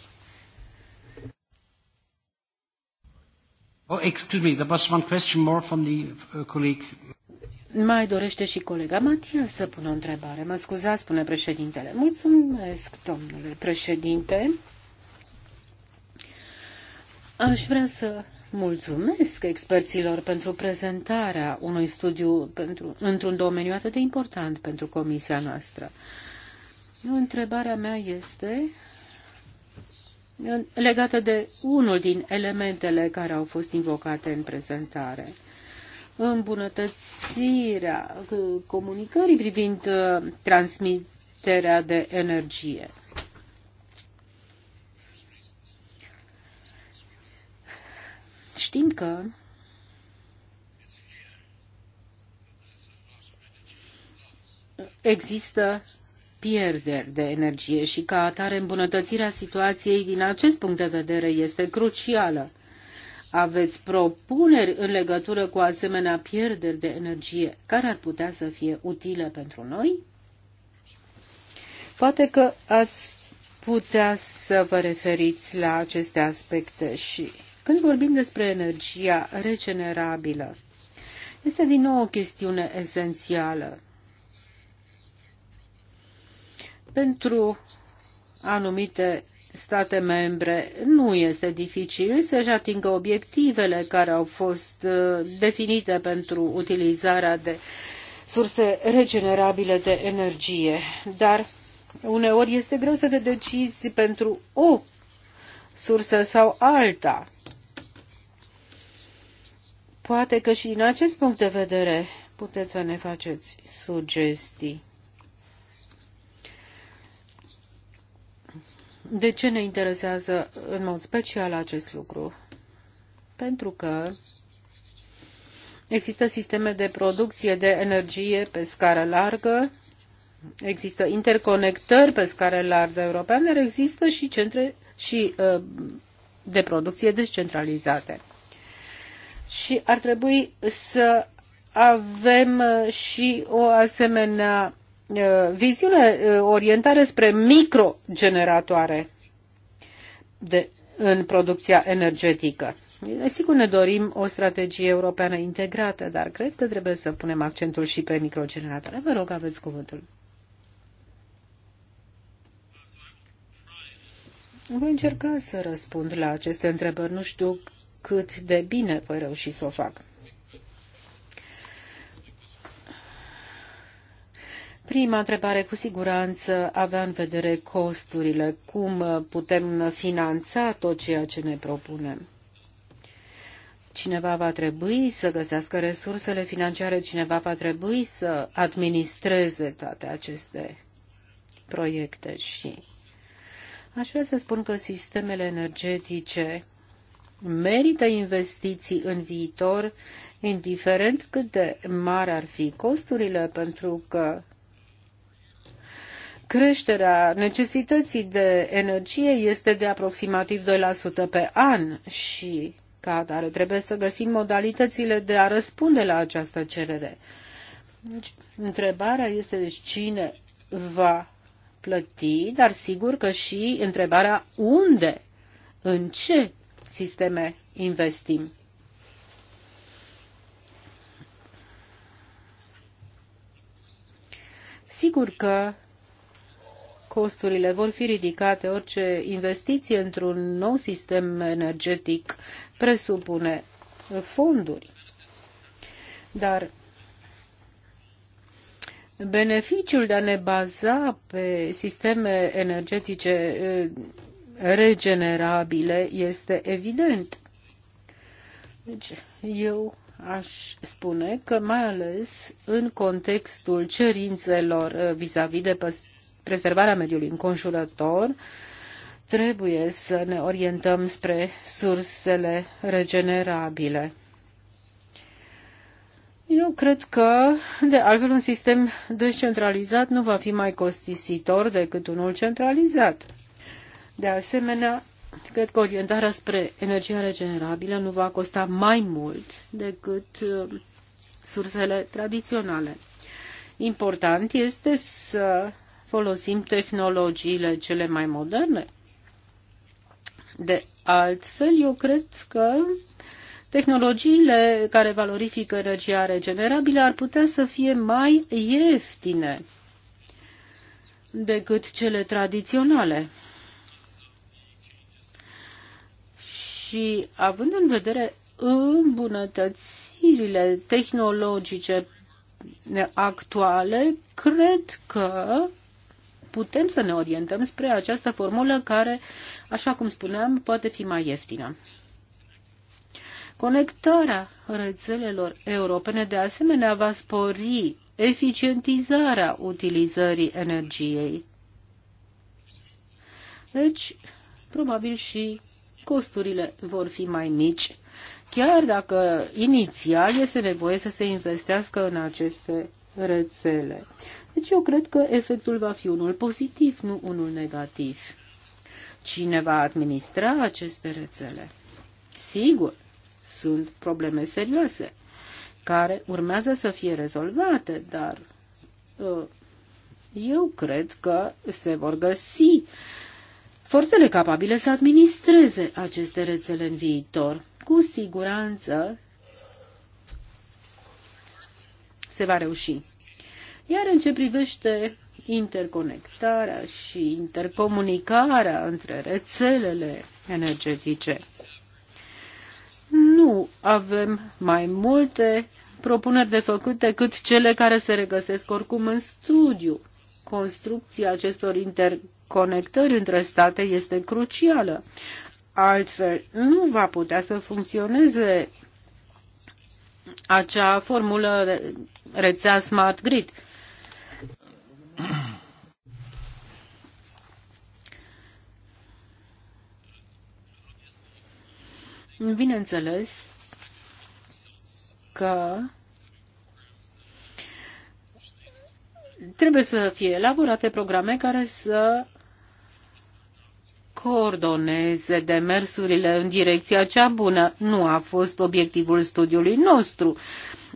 Oh, excuse me, there was one question more from the uh, colleague. Mai dorește și colega Matia să pună o întrebare. Mă scuzați, spune președintele. Mulțumesc, domnule președinte. Aș vrea să mulțumesc experților pentru prezentarea unui studiu pentru, într-un domeniu atât de important pentru comisia noastră. Întrebarea mea este legată de unul din elementele care au fost invocate în prezentare îmbunătățirea comunicării privind uh, transmiterea de energie. Știm că există pierderi de energie și ca atare îmbunătățirea situației din acest punct de vedere este crucială aveți propuneri în legătură cu asemenea pierderi de energie care ar putea să fie utile pentru noi? Poate că ați putea să vă referiți la aceste aspecte și când vorbim despre energia regenerabilă, este din nou o chestiune esențială. Pentru anumite state membre nu este dificil să-și atingă obiectivele care au fost uh, definite pentru utilizarea de surse regenerabile de energie, dar uneori este greu să te decizi pentru o sursă sau alta. Poate că și din acest punct de vedere puteți să ne faceți sugestii. De ce ne interesează în mod special acest lucru? Pentru că există sisteme de producție de energie pe scară largă, există interconectări pe scară largă europeană, dar există și centre și uh, de producție descentralizate. Și ar trebui să avem și o asemenea Uh, viziune, uh, orientare spre microgeneratoare de, în producția energetică. Sigur ne dorim o strategie europeană integrată, dar cred că trebuie să punem accentul și pe microgeneratoare. Vă rog, aveți cuvântul. Voi încerca să răspund la aceste întrebări. Nu știu cât de bine voi reuși să o fac. Prima întrebare, cu siguranță, avea în vedere costurile, cum putem finanța tot ceea ce ne propunem. Cineva va trebui să găsească resursele financiare, cineva va trebui să administreze toate aceste proiecte și aș vrea să spun că sistemele energetice merită investiții în viitor, indiferent cât de mari ar fi costurile, pentru că creșterea necesității de energie este de aproximativ 2% pe an și ca atare trebuie să găsim modalitățile de a răspunde la această cerere. Deci, întrebarea este deci, cine va plăti, dar sigur că și întrebarea unde, în ce sisteme investim. Sigur că costurile vor fi ridicate, orice investiție într-un nou sistem energetic presupune fonduri. Dar beneficiul de a ne baza pe sisteme energetice eh, regenerabile este evident. Deci, eu aș spune că mai ales în contextul cerințelor eh, vis-a-vis -vis de prezervarea mediului înconjurător, trebuie să ne orientăm spre sursele regenerabile. Eu cred că, de altfel, un sistem descentralizat nu va fi mai costisitor decât unul centralizat. De asemenea, cred că orientarea spre energia regenerabilă nu va costa mai mult decât uh, sursele tradiționale. Important este să folosim tehnologiile cele mai moderne? De altfel, eu cred că tehnologiile care valorifică energia regenerabilă ar putea să fie mai ieftine decât cele tradiționale. Și având în vedere îmbunătățirile tehnologice actuale, cred că putem să ne orientăm spre această formulă care, așa cum spuneam, poate fi mai ieftină. Conectarea rețelelor europene de asemenea va spori eficientizarea utilizării energiei. Deci, probabil și costurile vor fi mai mici, chiar dacă inițial este nevoie să se investească în aceste rețele. Deci eu cred că efectul va fi unul pozitiv, nu unul negativ. Cine va administra aceste rețele? Sigur, sunt probleme serioase care urmează să fie rezolvate, dar uh, eu cred că se vor găsi forțele capabile să administreze aceste rețele în viitor. Cu siguranță se va reuși. Iar în ce privește interconectarea și intercomunicarea între rețelele energetice, nu avem mai multe propuneri de făcut decât cele care se regăsesc oricum în studiu. Construcția acestor interconectări între state este crucială. Altfel, nu va putea să funcționeze acea formulă rețea smart grid. Bineînțeles că trebuie să fie elaborate programe care să coordoneze demersurile în direcția cea bună. Nu a fost obiectivul studiului nostru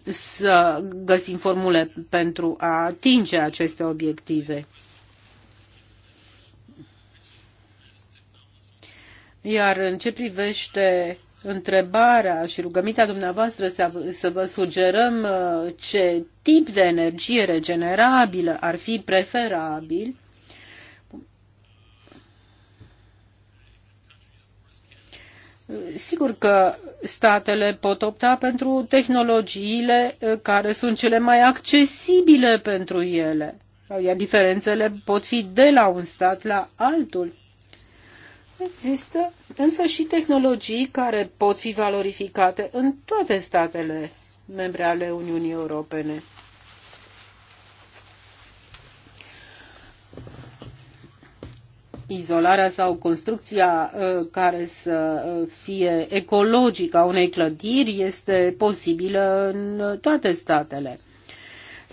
să găsim formule pentru a atinge aceste obiective. Iar în ce privește întrebarea și rugămintea dumneavoastră să vă sugerăm uh, ce tip de energie regenerabilă ar fi preferabil, Sigur că statele pot opta pentru tehnologiile uh, care sunt cele mai accesibile pentru ele, iar diferențele pot fi de la un stat la altul. Există însă și tehnologii care pot fi valorificate în toate statele membre ale Uniunii Europene. izolarea sau construcția ă, care să fie ecologică a unei clădiri este posibilă în toate statele.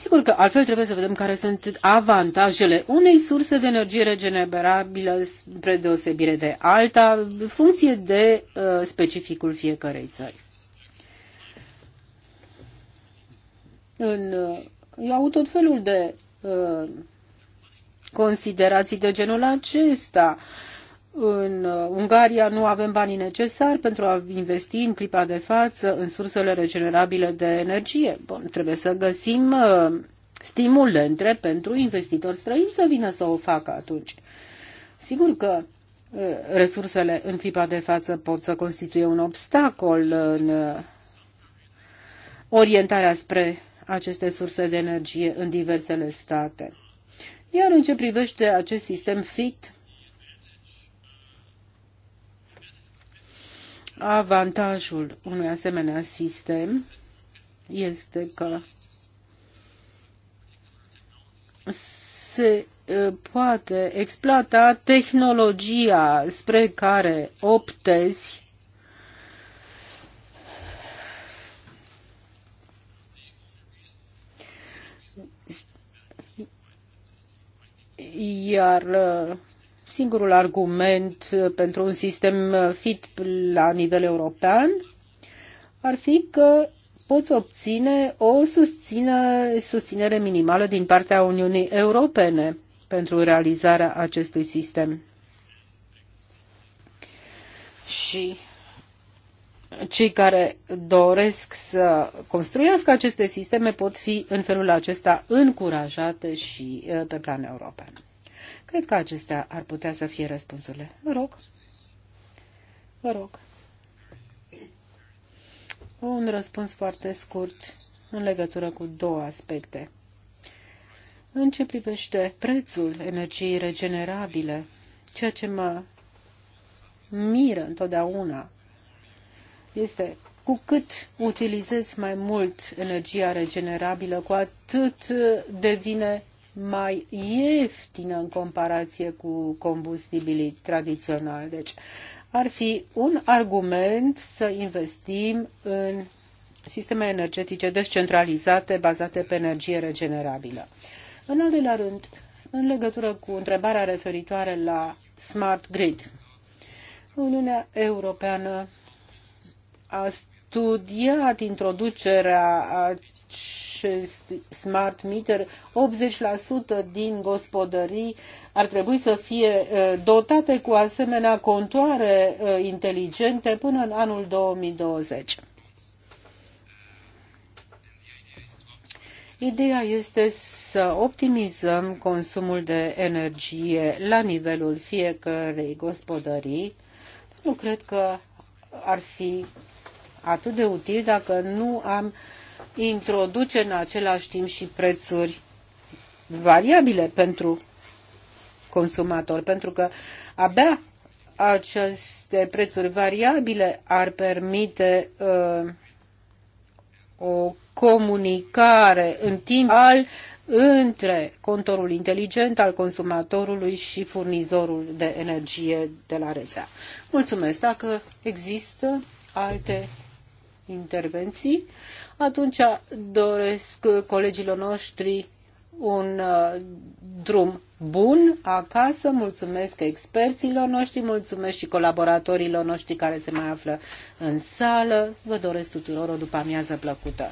Sigur că altfel trebuie să vedem care sunt avantajele unei surse de energie regenerabilă spre deosebire de alta, în funcție de uh, specificul fiecărei țări. În, uh, eu au tot felul de uh, considerații de genul acesta. Uh, în uh, Ungaria nu avem banii necesari pentru a investi în clipa de față în sursele regenerabile de energie. Bun, trebuie să găsim uh, între pentru investitori străini să vină să o facă atunci. Sigur că uh, resursele în clipa de față pot să constituie un obstacol în orientarea spre aceste surse de energie în diversele state. Iar în ce privește acest sistem FIT, Avantajul unui asemenea sistem este că se poate exploata tehnologia spre care optezi iar singurul argument uh, pentru un sistem uh, fit la nivel european ar fi că poți obține o susține, susținere minimală din partea Uniunii Europene pentru realizarea acestui sistem. Și cei care doresc să construiască aceste sisteme pot fi în felul acesta încurajate și uh, pe plan european. Cred că acestea ar putea să fie răspunsurile. Vă rog. Vă rog. Un răspuns foarte scurt în legătură cu două aspecte. În ce privește prețul energiei regenerabile, ceea ce mă miră întotdeauna este cu cât utilizezi mai mult energia regenerabilă, cu atât devine mai ieftină în comparație cu combustibilii tradiționali. Deci ar fi un argument să investim în sisteme energetice descentralizate bazate pe energie regenerabilă. În al doilea rând, în legătură cu întrebarea referitoare la smart grid, Uniunea Europeană a studiat introducerea smart meter, 80% din gospodării ar trebui să fie dotate cu asemenea contoare inteligente până în anul 2020. Ideea este să optimizăm consumul de energie la nivelul fiecărei gospodării. Nu cred că ar fi atât de util dacă nu am uh, introduce în același timp și prețuri variabile pentru consumator, pentru că abia aceste prețuri variabile ar permite uh, o comunicare în timp al între contorul inteligent al consumatorului și furnizorul de energie de la rețea. Mulțumesc. Dacă există alte intervenții, atunci doresc colegilor noștri un uh, drum bun acasă, mulțumesc experților noștri, mulțumesc și colaboratorilor noștri care se mai află în sală. Vă doresc tuturor o după amiază plăcută!